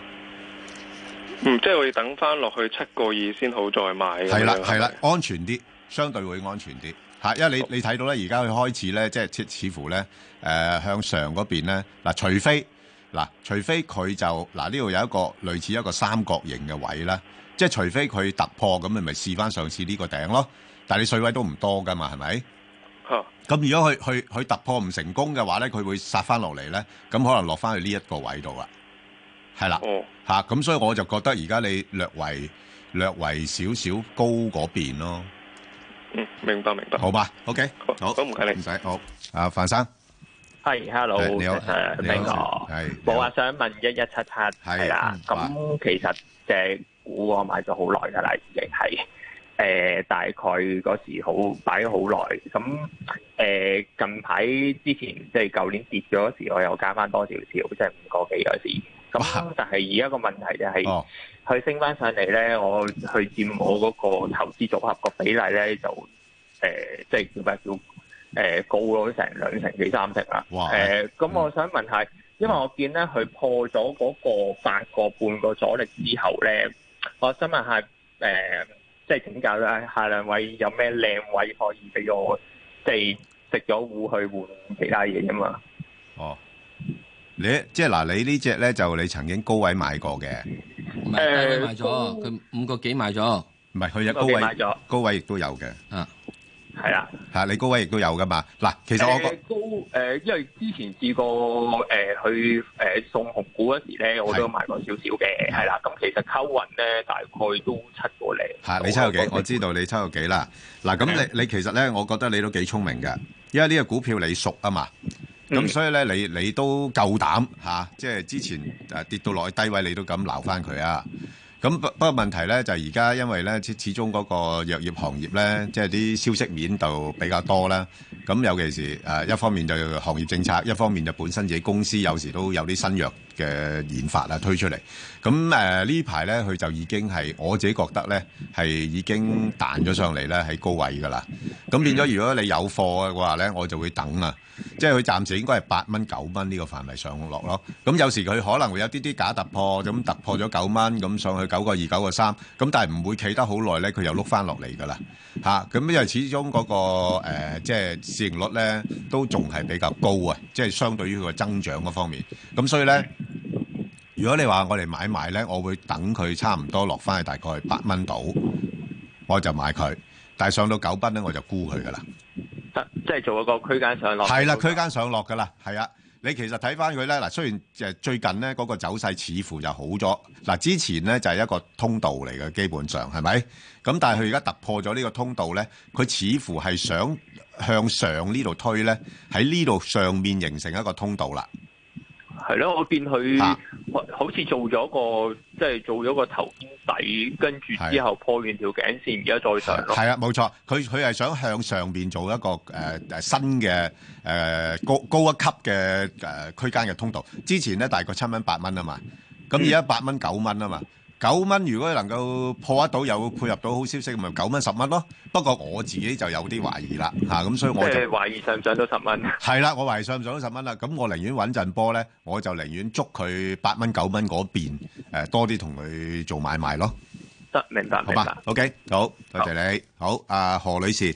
Speaker 3: 嗯，即係要等翻落去七個二先好再買嘅？係啦，係啦，
Speaker 1: 安全啲。相對會安全啲嚇，因為你你睇到咧，而家佢開始咧，即係似乎咧誒、呃、向上嗰邊咧嗱，除非嗱，除非佢就嗱呢度有一個類似一個三角形嘅位啦，即係除非佢突破咁，你咪試翻上，上次呢個頂咯。但係你水位都唔多噶嘛，係咪？嚇！咁如果佢佢佢突破唔成功嘅話咧，佢會殺翻落嚟咧，咁可能落翻去呢一個位度啊，啊，係啦嚇。咁所以我就覺得而家你略為略為少少高嗰邊咯。明白明白，好吧 o、
Speaker 3: okay, k 好，咁唔該你，唔使好。
Speaker 1: 阿、啊、范生，
Speaker 3: 係，Hello，hey, 你好，你好，係，冇啊，想問一一七七係啦，咁其實隻股、呃、我買咗好耐噶啦，已經係，誒、呃，大概嗰時好擺咗好耐，咁誒、呃、近排、之前即係舊年跌咗時，我又加返多少少，即、就、係、是、五個幾嗰時。咁但係而家個問題就係佢升翻上嚟咧，我去佔我嗰個投資組合個比例咧就誒，即、呃、係、就是、叫咩叫誒、呃、高咗成兩成幾三成啦。誒，咁我想問下，因為我見咧佢破咗嗰個八個半個阻力之後咧，我想問下誒，即係點解咧？下兩位有咩靚位可以俾我即係食咗糊去換其他嘢噶嘛？哦。
Speaker 1: 你即係嗱，你呢隻咧就你曾經高位買過嘅，唔係，低位買咗佢五個幾買咗，唔係佢高位買咗，高位亦都有嘅，嗯，係啦，吓你高位亦都有噶嘛？嗱，其實我高
Speaker 3: 誒，因為之前試過誒去誒送紅股嗰時咧，我都買過少少嘅，係啦。咁其實溝運咧，大概都
Speaker 1: 七個零，係你七個幾？我知道你七個幾啦。嗱，咁你你其實咧，我覺得你都幾聰明嘅，因為呢個股票你熟啊嘛。咁所以咧，你你都夠膽嚇，即係之前誒跌到落去低位，你都敢鬧翻佢啊！咁不不過問題咧，就係而家因為咧始始終嗰個藥業行業咧，即係啲消息面就比較多啦。咁尤其是誒一方面就行業政策，一方面就本身自己公司有時都有啲新藥。嘅研發啊，推出嚟，咁誒呢排呢，佢就已經係我自己覺得呢，係已經彈咗上嚟呢係高位㗎啦，咁變咗如果你有貨嘅話呢，我就會等啦，即係佢暫時應該係八蚊九蚊呢個範圍上落咯，咁有時佢可能會有啲啲假突破，咁突破咗九蚊咁上去九個二九個三，咁但係唔會企得好耐呢，佢又碌翻落嚟㗎啦，吓，咁因為始終嗰個、誒、即係市盈率呢，都仲係比較高啊，即係相對於佢嘅增長嗰方面，咁所以呢。如果你話我哋買賣咧，我會等佢差唔多落翻去大概八蚊到，我就買佢。但係上到九蚊咧，我就沽佢㗎啦。即係做一個區間上落。係啦，區間上落㗎啦。係、嗯、啊，你其實睇翻佢咧，嗱，雖然最近咧嗰個走勢似乎就好咗。嗱，之前咧就係一個通道嚟嘅，基本上係咪？咁但係佢而家突破咗呢個通道咧，佢似乎係想向上呢度推咧，喺呢度上面形成一個通道啦。
Speaker 3: 係咯，我見佢好似做咗個，即係做咗個頭肩底，跟住之後破完條頸線，而家再上咯。係啊，
Speaker 1: 冇錯，佢佢係想向上邊做一個誒誒新嘅，誒高高一級嘅誒區間嘅通道。之前咧大概七蚊八蚊啊嘛，咁而家八蚊九蚊啊嘛。九蚊如果能夠破得到，又配合到好消息，咪九蚊十蚊咯。不過我自己就有啲懷疑啦，吓咁所以我就即係
Speaker 3: 懷疑上唔上到十蚊啊？係啦，
Speaker 1: 我懷疑上唔上到十蚊啦。咁我寧願穩陣波咧，我就寧願捉佢八蚊九蚊嗰邊誒，多啲同佢做買賣咯。得，明白，明白。好吧？O K，好，多謝你。好，阿何女士，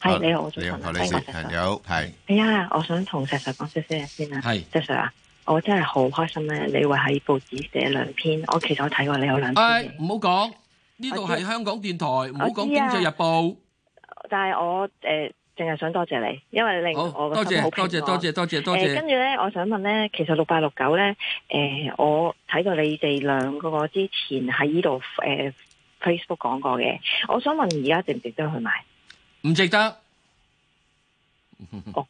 Speaker 1: 係你好，你好何女士，你
Speaker 3: 好，係。哎呀，我想同石 Sir 講少少嘢先啊。係石 Sir 啊。我真係好開心咧！你會喺報紙寫兩篇，我其實我睇過你有兩篇。
Speaker 1: 唔
Speaker 2: 好講
Speaker 3: 呢度係香
Speaker 2: 港電台，唔好講《經濟日報》我啊。但係我
Speaker 3: 誒，淨、呃、係想多謝你，因為你令我嘅心都好平和。好多謝多謝多謝多謝。跟住咧，我想問咧，其實六八六九咧，誒、呃，我睇過你哋兩個我之前喺呢度誒 Facebook 講過嘅，我想問而家值唔值得去買？
Speaker 2: 唔值得。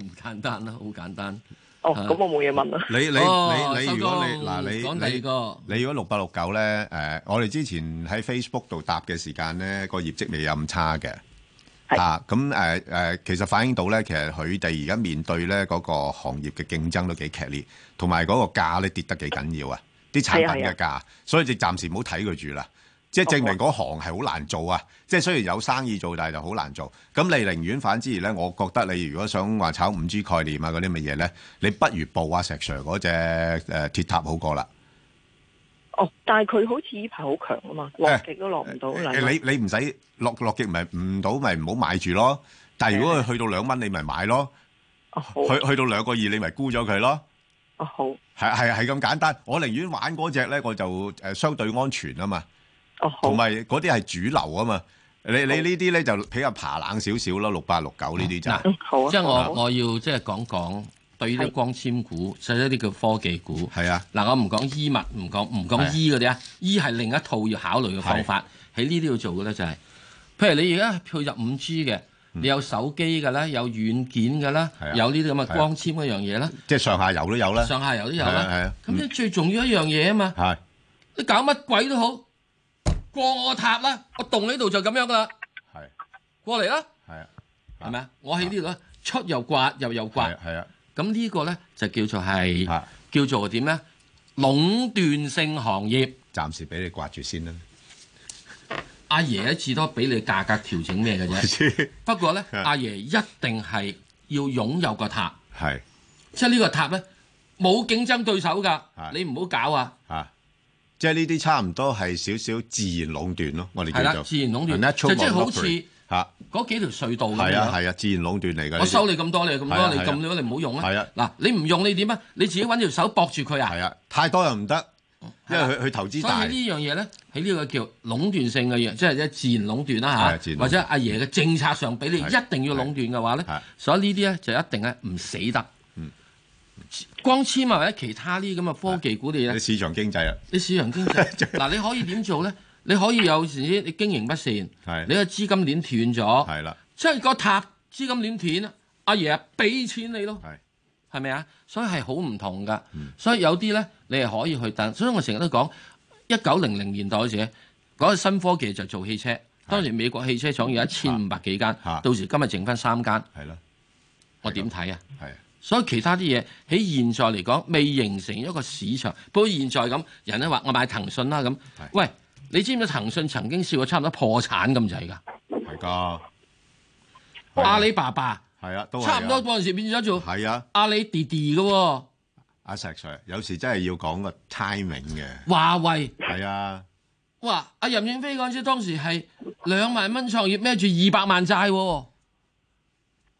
Speaker 2: 唔簡單咯，好簡單。哦，咁我冇嘢問啦。你你你你，如果你嗱你你，你你
Speaker 1: 你如果六八六九咧，誒，我哋之前喺 Facebook 度答嘅時間咧，個業績未有咁差嘅。係啊，咁誒誒，其實反映到咧，其實佢哋而家面對咧嗰個行業嘅競爭都幾劇烈，同埋嗰個價咧跌得幾緊要啊！啲、嗯、產品嘅價，所以就暫時唔好睇佢住啦。即係證明嗰行係好難做啊！即係雖然有生意做，但係就好難做。咁你寧願反之而咧，我覺得你如果想話炒五 G 概念，啊嗰啲乜嘢咧，你不如報啊石 Sir 嗰隻誒鐵塔好過啦。哦，
Speaker 3: 但係佢好似呢排好強啊嘛，落極都落唔到啦。
Speaker 1: 你你唔使落落極，咪唔到咪唔好買住咯。但係如果佢去到兩蚊，你咪買咯。哦好。去去到兩個二，你咪沽咗佢咯。哦好。係係係咁簡單，我寧願玩嗰隻咧，我就誒相對安全啊嘛。同埋嗰啲係主流啊嘛你，你你呢啲咧就比較爬冷少少啦，六八六九呢啲就、嗯。係、就是。即係我我
Speaker 2: 要即係講講對於啲光纖股，即係一啲叫科技股。係啊，嗱我唔講醫物，唔講唔講醫嗰啲啊，醫係另一套要考慮嘅方法，喺呢啲要做嘅咧就係、是，譬如你而家配入五 G 嘅，你有手機㗎啦，有軟件㗎啦、嗯，有呢啲咁嘅光纖嗰樣嘢啦，
Speaker 1: 即係上下游都有啦，上下游都有啦，咁
Speaker 2: 咧、啊啊、最重要一樣嘢啊嘛，你搞乜鬼都好。過我塔啦，我洞呢度就咁樣噶啦。係，過嚟啦。係啊，係咪啊？我喺呢度啦，出又刮，入又刮。係啊。咁呢個咧就叫做係，叫做點咧？壟斷性行業。
Speaker 1: 暫時俾你刮住先啦。
Speaker 2: 阿爺至多俾你價格調整咩嘅啫。不過咧，阿爺一定係要擁有個塔。係。即係呢個塔咧，冇競爭對手噶。你唔好搞啊。啊。
Speaker 1: 即係呢啲差唔多係少少自然壟斷咯，我哋叫做自然壟斷，就即係好似嚇
Speaker 2: 嗰幾條隧道咁樣。係啊係
Speaker 1: 啊，自然壟斷嚟嘅。我收你咁多，你咁多，你咁多，你
Speaker 2: 唔好用啦。係啊，嗱、啊，你唔用你點啊？你自己揾條手搏住佢啊！係
Speaker 1: 啊，太多又唔得，因為佢佢投
Speaker 2: 資大。所以呢樣嘢咧，喺呢個叫壟斷性嘅嘢，即係咧自然壟斷啦嚇、啊，或者阿爺嘅政策上俾你一定要壟斷嘅話咧，所以呢啲咧就一定係唔死得。光纖啊，或者其他啲咁嘅科技股呢你嘢咧？你市場經濟啊！你市場經濟，嗱 你可以點做咧？你可以有時你經營不善，係你個資金鏈斷咗，係啦，即係個塔資金鏈斷啊！阿爺，俾錢你咯，係係咪啊？所以係好唔同噶、嗯，所以有啲咧你係可以去等。所以我成日都講，一九零零年代嗰時講新科技就做汽車，當時美國汽車廠有一千五百幾間，到時今日剩翻三間，係咯，我點睇啊？係。所以其他啲嘢喺現在嚟講未形成一個市場。不過現在咁，人咧話我買騰訊啦咁。喂，你知唔知道騰訊曾經試過差唔多破產咁滯噶？係噶，阿里巴
Speaker 1: 巴係啊，都差唔多嗰陣時變咗做係啊阿里 D D 嘅喎。阿石 Sir，有時真係要講個 timing 嘅。華為係啊，
Speaker 2: 哇！阿任正非嗰陣時當時係兩萬蚊創業孭住二百萬債，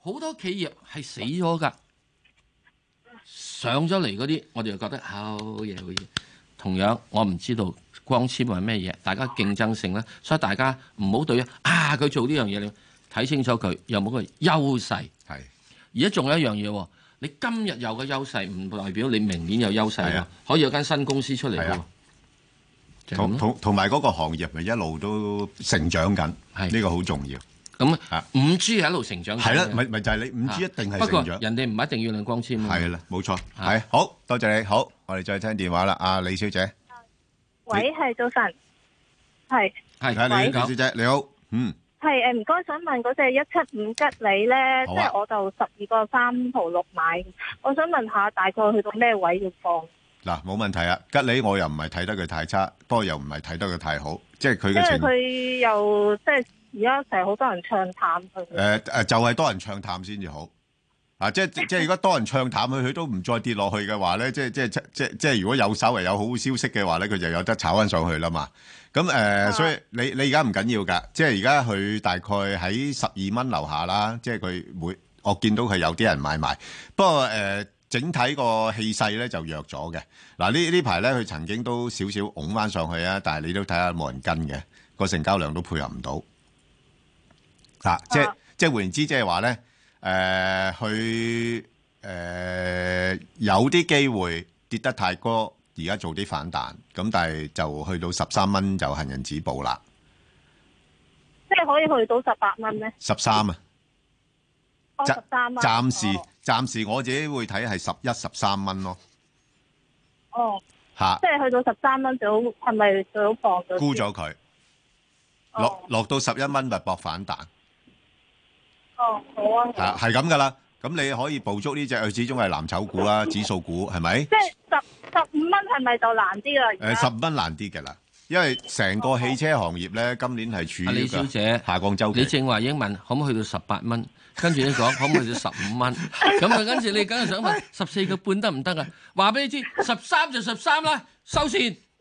Speaker 2: 好多企業係死咗㗎。上咗嚟嗰啲，我哋就覺得好嘢，好嘢。同樣，我唔知道光纖係咩嘢，大家競爭性咧，所以大家唔好對啊。佢做呢樣嘢，你睇清楚佢有冇個優勢。係，而家仲有一樣嘢，你今日有個優勢，唔代表你明年有優勢啊。可以有間新公司出嚟喎。
Speaker 1: 同同同埋嗰個行業咪一路都成長緊，呢個好重要。咁啊，五
Speaker 2: G 係一路成長。係啦，咪咪就係你五 G 一定係成長。不過人哋唔係一定要用光纖。係
Speaker 1: 啦，冇錯。係好，多謝你。好，我哋再聽電話啦。阿李小姐，喂，
Speaker 3: 係早晨，
Speaker 1: 係，係李小姐，你好。嗯，
Speaker 3: 係誒，唔該，想問嗰隻一七五吉利咧，即係我就十二個三毫六買，我想問下大概去到咩位要放？
Speaker 1: 嗱，冇問題啊，吉利我又唔係睇得佢太差，不過又唔係睇得佢太好，即係佢嘅。即係佢
Speaker 3: 又即係。而家成日好多人
Speaker 1: 唱淡佢，誒、呃、誒，就係、是、多人唱淡先至好啊！即即係如果多人唱淡佢，佢都唔再跌落去嘅話咧，即即即即即係如果有稍微有好消息嘅話咧，佢就有得炒翻上去啦嘛。咁誒、呃啊，所以你你而家唔緊要噶，即係而家佢大概喺十二蚊樓下啦。即係佢每我見到係有啲人買買，不過誒、呃、整體個氣勢咧就弱咗嘅嗱。啊、這這呢呢排咧，佢曾經都少少拱翻上去啊，但係你都睇下冇人跟嘅個成交量都配合唔到。嗱，即即換言之，即係話咧，誒，佢、呃、誒有啲機會跌得太高現在，而家做啲反彈，咁但係就去到十三蚊就行人止步啦、啊。即係
Speaker 3: 可以去到十八蚊咧？十三啊，十三蚊。暫
Speaker 1: 時暫、哦、時、哦，我自己會睇係十一十三蚊咯。
Speaker 3: 哦，吓，即係去到十三蚊就好，係咪就好搏，咗，沽
Speaker 1: 咗佢，落落到十一蚊咪搏反彈。哦，好啊，係係咁噶啦，咁你可以捕捉呢隻，佢始終係藍籌股啦，指數股係咪？即係十
Speaker 3: 十五蚊係咪就
Speaker 1: 難啲啦？誒，十五蚊難啲嘅啦，因為成個汽車行業咧，今年係處於下降周期。李小姐，你正話英文，
Speaker 2: 可唔可以去到十八蚊？跟住你講，可唔可以到十五蚊？咁啊，跟住你梗係想問，十四個半得唔得啊？話俾你知，十三就十三啦，收線。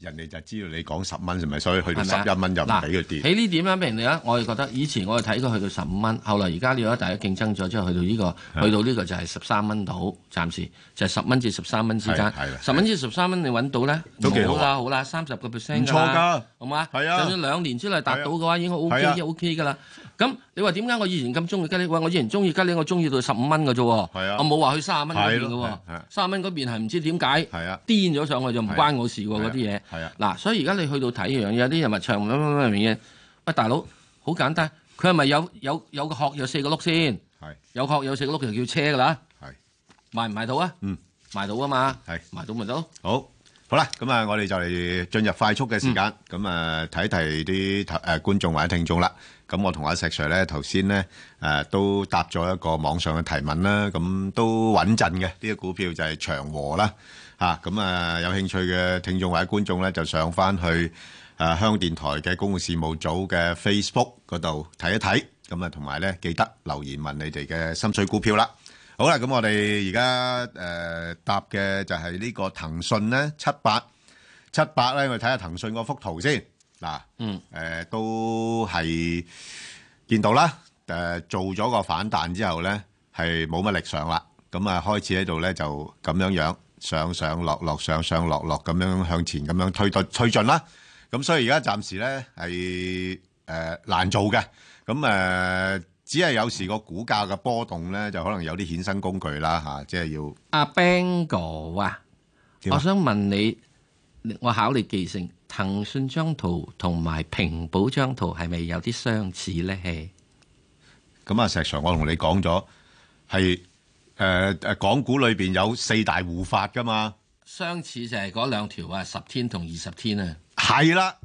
Speaker 2: 人哋就知道你講十蚊，
Speaker 1: 係咪？所以去到十一蚊就唔俾佢跌。
Speaker 2: 喺呢點咧，人哋咧，我哋覺得以前我哋睇過去到十五蚊，後來而家你大家競爭咗之後，去到呢、呢個，去到呢個就係十三蚊到，暫時就係十蚊至十三蚊之間。十蚊至十三蚊你揾到咧都幾好啦，好啦，三十個 percent 唔錯㗎，好嘛？係啊，就兩年之內達到嘅話，已經 OK，OK 㗎啦。咁你話點解我以前咁中意吉利？我以前中意吉利，我中意到十五蚊嘅啫。喎、啊，我冇話去三十蚊嗰邊嘅喎，三十蚊嗰邊係唔知點解癲咗上，去就唔關我事喎。嗰啲嘢嗱，所以而家你去到睇樣有啲人物長乜乜嘅嘢，喂、哎，大佬好簡單，佢係咪有有有個殼有四個碌先？係有殼有四個碌就叫車噶啦。係、啊啊、賣唔賣到啊？
Speaker 1: 嗯，
Speaker 2: 賣到啊嘛。係、啊、賣到咪得囉
Speaker 1: 好好啦。咁啊，我哋就嚟進入快速嘅時間。咁、嗯、啊，睇睇啲誒觀眾或者聽眾啦。咁我同阿石 Sir 咧，頭先咧誒都答咗一個網上嘅提問啦。咁都穩陣嘅呢個股票就係長和啦嚇。咁啊，有興趣嘅聽眾或者觀眾咧，就上翻去誒香電台嘅公共事務組嘅 Facebook 嗰度睇一睇。咁啊，同埋咧記得留言問你哋嘅心水股票啦。好啦，咁我哋而家誒答嘅就係呢個騰訊咧，七八七八咧，我睇下騰訊嗰幅圖先。嗱，誒都係見到啦，誒做咗個反彈之後咧，係冇乜力上啦，咁啊開始喺度咧就咁樣樣上上落落上上落落咁樣向前咁樣推推進啦，咁所以而家暫時咧係誒難做嘅，咁誒只係有時個股價嘅波動咧就可能有啲衍生工具啦嚇，即係要。阿 Ben 哥啊，我想問你，我考你記性。騰訊張圖同埋平保張圖係咪有啲相似咧？咁、嗯、啊，石 sir，我同你講咗，係誒誒，港股裏邊有四大護法噶嘛？
Speaker 2: 相似就係嗰兩條啊，十天同二十天啊，
Speaker 1: 係啦，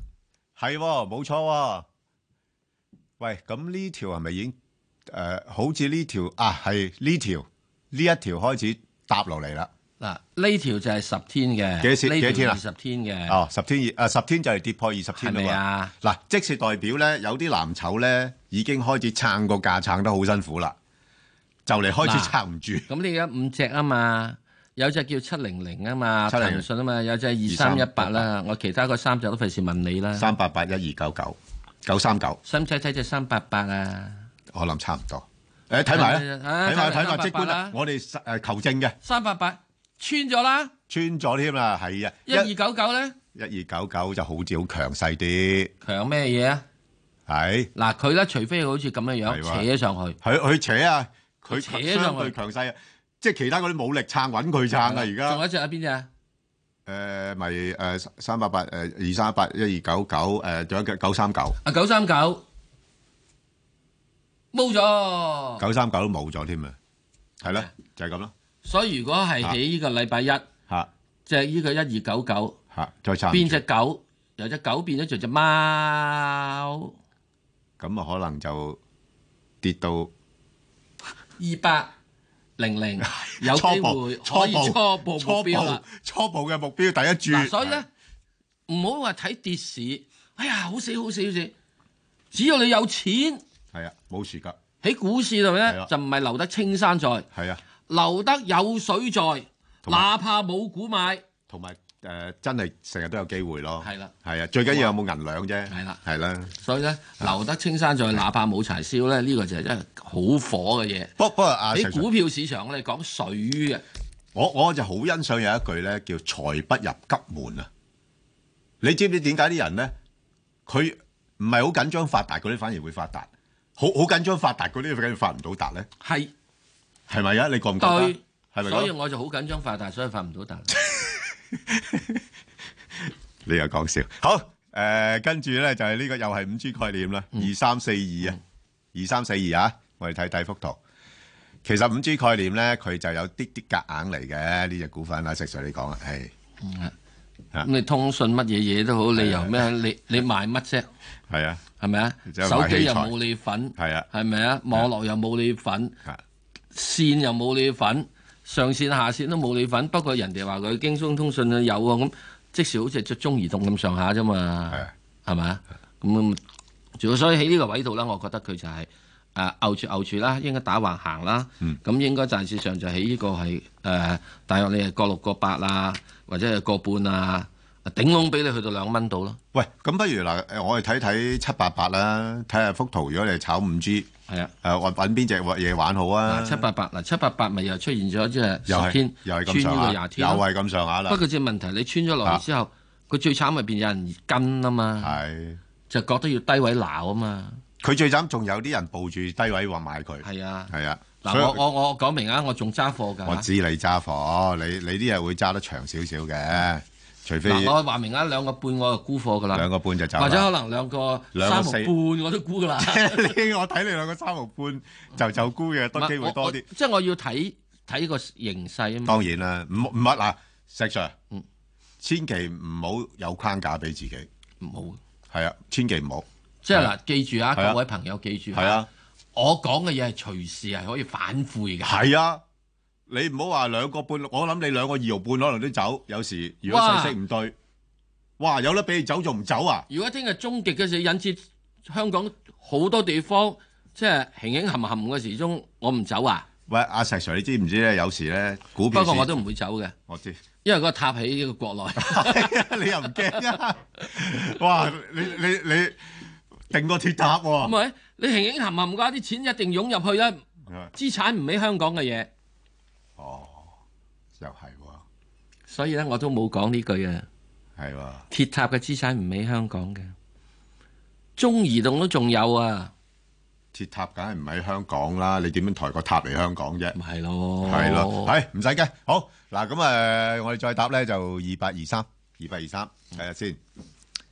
Speaker 1: 係冇錯。喂，咁呢條係咪已經誒、呃？好似呢條啊，係呢條呢一條開始搭落嚟啦。嗱，呢條就係十天嘅，呢條二十
Speaker 2: 天嘅啊。哦，
Speaker 1: 十天二，啊十天就係跌破二十天啦。係咪啊？嗱，即是代表咧，有啲藍籌咧已經開始撐個價，撐得好辛苦啦，就嚟開始撐唔
Speaker 2: 住。咁你而家五隻啊嘛，有隻叫七零零啊嘛，七零信啊嘛，有隻二三一八啦。我其他個三隻都費事問你啦。
Speaker 1: 三八八一二九九九三九。使唔使睇隻三八八啊？我諗差唔多。誒、欸，睇埋啦，睇埋睇埋即管啦。300, 300, 管我哋誒、呃、求證嘅。三八八。穿咗啦，穿咗添啦，係啊，一二九九咧，一二九九就好似好強勢啲，強咩嘢啊？係嗱，佢咧，除非好似咁嘅樣扯咗上去，佢佢扯啊，佢扯上去強勢啊，即係其他嗰啲冇力撐搵佢撐啊！而家仲有一隻啊，邊隻啊？誒，咪誒三八八誒二三八一二九九誒，仲有嘅九三九啊，九三九
Speaker 2: 冇咗，
Speaker 1: 九三九都冇咗添啊，係咯，就係咁咯。所以如果係喺呢個禮
Speaker 2: 拜一，即係呢個1299、啊、一二九九，變隻狗，由隻狗變咗做
Speaker 1: 隻貓，咁啊可能就跌到二百零零，200, 000, 有機會可以初步初步初步嘅目，目標第一注、啊。所以咧，
Speaker 2: 唔好話睇跌市，哎呀，好死好死好死！只要你有錢，
Speaker 1: 係啊，冇時間
Speaker 2: 喺股市度咧，就唔係留得青山在，係啊。留得有水在，哪怕冇股買，
Speaker 1: 同埋誒真係成日都有機會咯。係啦，係啊，最緊要有冇銀兩啫。係啦，係啦。所以咧，留得青山在，哪怕冇柴燒咧，呢個就係真係好火嘅嘢。不不過啊，喺股票市場我哋講水嘅，我我就好欣賞有一句咧叫財不入急門啊。你知唔知點解啲人咧佢唔係好緊張發達嗰啲反而會發達，好好緊張發達嗰啲反而發唔到達咧？係。係咪啊？你覺唔覺得？所以，
Speaker 2: 我就好緊張發達，所以
Speaker 1: 發唔到達。你又講笑。好，誒，跟住咧就係呢個又係五 G 概念啦。二三四二啊，二三四二啊，我哋睇睇幅圖。其實五 G 概念咧，佢就有啲啲夾硬嚟嘅呢隻股份。阿石 Sir，你講啊，係。咁你通訊乜嘢嘢都好，你由咩？你
Speaker 2: 你賣乜啫？係啊，係咪啊？手機又冇你份，係啊，係咪啊？網絡又冇你份。線又冇你份，上線下線都冇你份。不過人哋話佢京東通訊佢有喎，咁即時好似係中移動咁上下啫嘛，係咪啊？咁就所以喺呢個位度呢，我覺得佢就係誒拗住拗住啦，應該打橫行啦。咁、嗯、應該暫時上就喺呢個係誒、呃，大概你係個六
Speaker 1: 個八啊，或者係個半啊，頂籠俾你去到兩蚊度咯。喂，咁不如嗱，我哋睇睇七八八啦，睇下幅圖，如果你係炒五 G。係啊，誒，揾邊隻嘢玩好啊？七八
Speaker 2: 八嗱，七八八咪又出現咗，即係十天穿呢個廿天，又係咁上下啦。不，不過只問題，你穿咗落去之後，佢、啊、最慘入邊有人跟啊嘛，啊
Speaker 1: 就覺得要低位鬧啊嘛。佢最慘仲有啲人抱住低位話買佢。係啊，係啊。嗱、啊以，
Speaker 2: 我我我講明啊，我仲揸貨㗎。我知
Speaker 1: 你揸貨，你你啲嘢會揸得長少少嘅。除非、啊、我話明啊，兩個半我就沽貨噶啦，兩個半就走，或者可能兩個三毫半我都沽噶啦。 我睇你兩個三毫半就走沽嘅，多機會多啲、嗯。即係我要睇睇個形勢啊。當然啦，唔唔係嗱，石 sir，嗯、千祈唔好有框架俾自己，唔好係啊，千祈唔好。即係嗱，記住啊，啊，各位朋友記住啊，係啊，我講嘅嘢係隨時係可以反悔嘅。係啊。你唔好話兩個半，我諗你兩個二毫半可能都走。有時如果勢色唔對，哇，哇有得俾你走仲唔走啊？如果
Speaker 2: 聽日終極嘅事，引致香港好多地方即係
Speaker 1: 形影含含嘅時鐘，我唔走啊？喂，阿石 Sir，你知唔知咧？有時咧，股票不過我都唔會走嘅。我知，
Speaker 2: 因為個塔喺呢個國內， 你又唔驚啊？哇！你你你，你
Speaker 1: 定個鐵塔喎、啊？唔
Speaker 2: 係你形影含含噶，啲錢一定湧入去啦，資產唔喺香港嘅嘢。
Speaker 1: 哦，又係喎，
Speaker 2: 所以咧我都冇講呢句啊，係喎，鐵塔嘅資產唔喺香港嘅，
Speaker 1: 中移動都仲有啊，鐵塔梗係唔喺香港啦，你點樣抬個塔嚟香港啫？唔係咯，係咯，係唔使驚，好嗱咁誒，我哋再答咧就二八二三，二八二三，睇下先，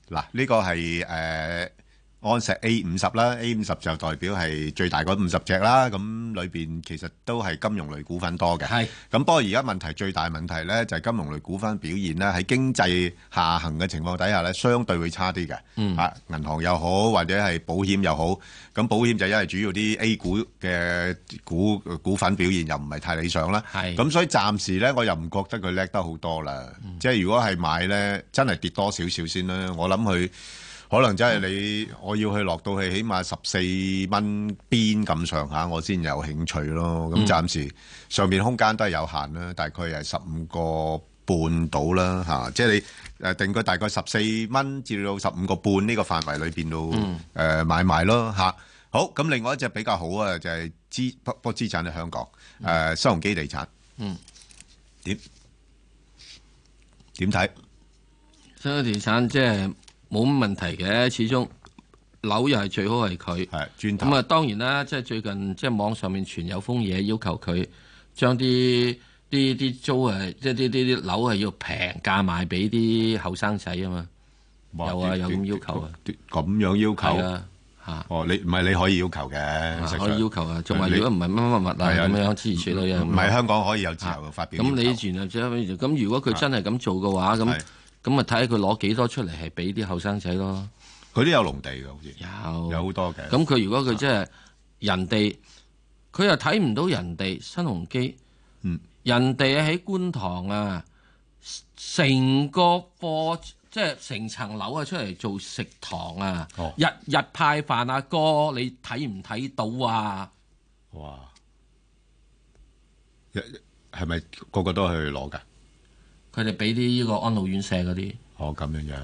Speaker 1: 嗱呢、呢個係誒。呃安碩 A 五十啦，A 五十就代表係最大嗰五十隻啦。咁裏邊其實都係金融類股份多嘅。係。咁不過而家問題最大問題咧，就係金融類股份表現咧，喺經濟下行嘅情況底下咧，相對會差啲嘅。嗯。嚇，銀行又好，或者係保險又好。咁保險就因為主要啲 A 股嘅股股份表現又唔係太理想啦。係。咁所以暫時咧，我又唔覺得佢叻得好多啦。即係如果係買咧，真係跌多少少先啦。我諗佢。可能真係你，我要去落到去，起碼十四蚊邊咁上下，我先有興趣咯。咁暫時上面空間都係有限啦，大概係十五個半到啦，吓、啊，即係、你誒定個大概十四蚊至到十五個半呢個範圍裏邊度誒買賣咯，吓。好，咁另外一隻比較好啊，就係資不不資產嘅香港誒，新鴻基地產。嗯。點？點睇？新鴻基地產即係。冇乜問題
Speaker 2: 嘅，始終樓又係最好係佢。係轉頭咁啊！當然啦，即係最近即係網上面傳有封嘢，要求佢將啲啲啲租即係啲啲樓係要平價賣俾啲後生仔啊嘛。有啊，有咁要求
Speaker 1: 啊，咁樣要求啊吓哦，你唔係你可以要求嘅、啊。可以要求要物物啊，仲係，如果唔係乜乜物物啊咁樣支持處理啊。唔、嗯、係、嗯嗯、香港可以有自
Speaker 2: 由、啊、發表。咁你原來咁，如果佢真係咁做嘅話，咁、啊。咁啊，睇下佢攞幾多出嚟係俾啲後生仔咯。佢都有農地嘅，好似有好多嘅。咁佢如果佢即係人哋，佢、啊、又睇唔到人哋新鴻基、嗯，人哋喺觀塘啊，成個貨即係成層樓啊，出嚟做食堂啊，哦、日日派飯阿、啊、哥，你睇唔睇到啊？哇！
Speaker 1: 係咪個個都去攞㗎？佢哋俾啲呢個安老院舍嗰啲，哦咁樣樣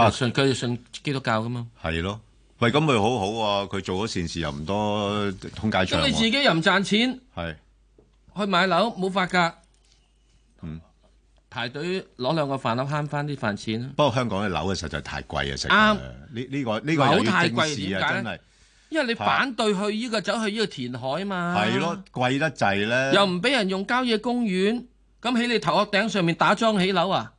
Speaker 1: 啊，信
Speaker 2: 佢、啊、信基督教噶嘛？
Speaker 1: 係咯，喂，咁咪好好、啊、喎。佢做咗善事又唔多，通計出嚟，你自己又唔賺錢，係
Speaker 2: 去買樓冇法噶，嗯，
Speaker 1: 排隊攞兩個飯盒慳翻啲飯錢咯。不過香港嘅樓太啊，實在、呢個呢個、太貴啊，成日呢？呢個呢個有啲爭議
Speaker 2: 啊，真係因為你反對去呢、呢個走去呢個填海嘛，係咯，
Speaker 1: 貴得滯咧，又唔
Speaker 2: 俾人用郊野公園。咁喺你頭殼頂上面打樁起樓啊？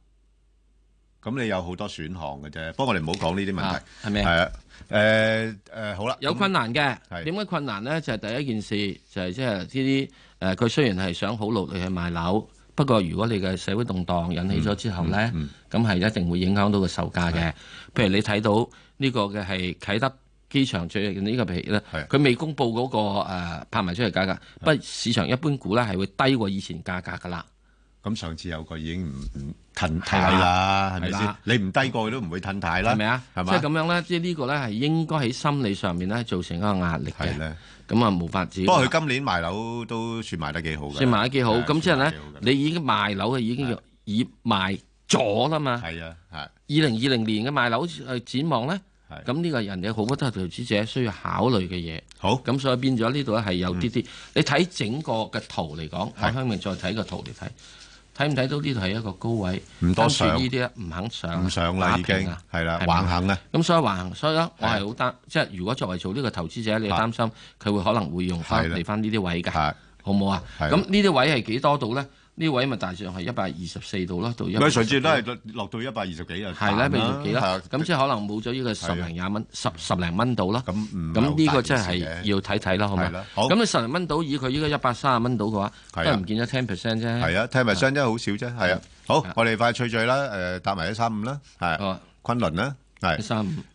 Speaker 1: 咁你有好多選項嘅啫。不過我哋唔好講呢啲問題，係咪？係啊，誒誒、啊呃呃，好啦，有困難嘅。點、嗯、解困難呢？
Speaker 2: 就係、是、第一件事就係即係呢啲誒，佢、呃、雖然係想好努力去賣樓、嗯，不過如果你嘅社會動盪引起咗之後呢，咁、嗯、係、嗯嗯、一定會影響到個售價嘅、嗯。譬如你睇到呢個嘅係啟德機場最呢個譬如佢未公布嗰、那個、
Speaker 1: 呃、拍賣出嚟價格，不、嗯、市場一般估呢係會低過以前價格噶啦。咁上次有個已經唔唔褪太啦，係咪先？你唔低過佢都唔會褪太啦。係咪啊？係嘛？即係咁
Speaker 2: 樣咧，即係呢個咧係應該喺心理上面咧造成一個壓力嘅。係咧，咁啊冇法子。不過佢
Speaker 1: 今年賣樓都算賣得幾好嘅。算賣得幾好？咁即係咧，
Speaker 2: 你已經賣樓係已經要熱賣咗啦嘛。係啊，係。二零二零年嘅賣樓係展望咧，咁呢個人嘅好多都係投資者需要考慮嘅嘢。好。咁所以變咗呢度咧係有啲啲。你睇整個嘅圖嚟講，喺下面再睇個圖嚟睇。睇唔睇到呢度係一個高位？唔多上呢啲啊，唔肯上，唔上啦已經，係啦、啊、橫行咧、啊。咁所以橫行，所以咧，我係好擔，即係如果作為做呢個投資者，你擔心佢會可能會用翻嚟翻呢啲位噶，
Speaker 1: 好冇啊？咁
Speaker 2: 呢啲位係幾多度咧？呢位咪大上係一百二十四度咯，到一百。唔係上次都係
Speaker 1: 落到一百二十幾啊，係啦，百十幾啦。
Speaker 2: 咁即係可能冇咗呢個十零廿蚊，十十零蚊度啦。咁咁呢個真係
Speaker 1: 要睇睇啦，好嘛？咁啊十零蚊度以佢依家一百三十蚊度嘅話，都係唔見咗 ten percent 啫。係啊，ten percent 真係好少啫。係啊，好，我哋快脆趣啦，誒，打埋一三五啦，係，昆崙啦。係，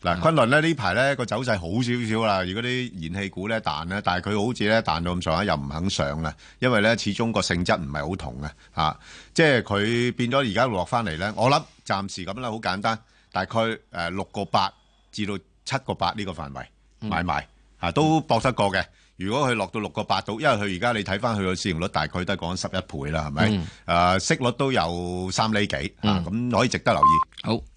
Speaker 1: 嗱，昆崙咧呢排咧個走勢好少少啦，如果啲燃氣股咧彈咧，但係佢好似咧彈到咁上下又唔肯上啊，因為咧始終個性質唔係好同嘅，吓、啊，即係佢變咗而家落翻嚟咧，我諗暫時咁啦，好簡單，大概誒六個八至到七個八呢個範圍買賣吓、啊、都博得過嘅，如果佢落到六個八到，因為佢而家你睇翻佢個市盈率大概都係講十一倍啦，係咪？誒、嗯啊，息率都有三厘幾啊，咁可以值得留意。好。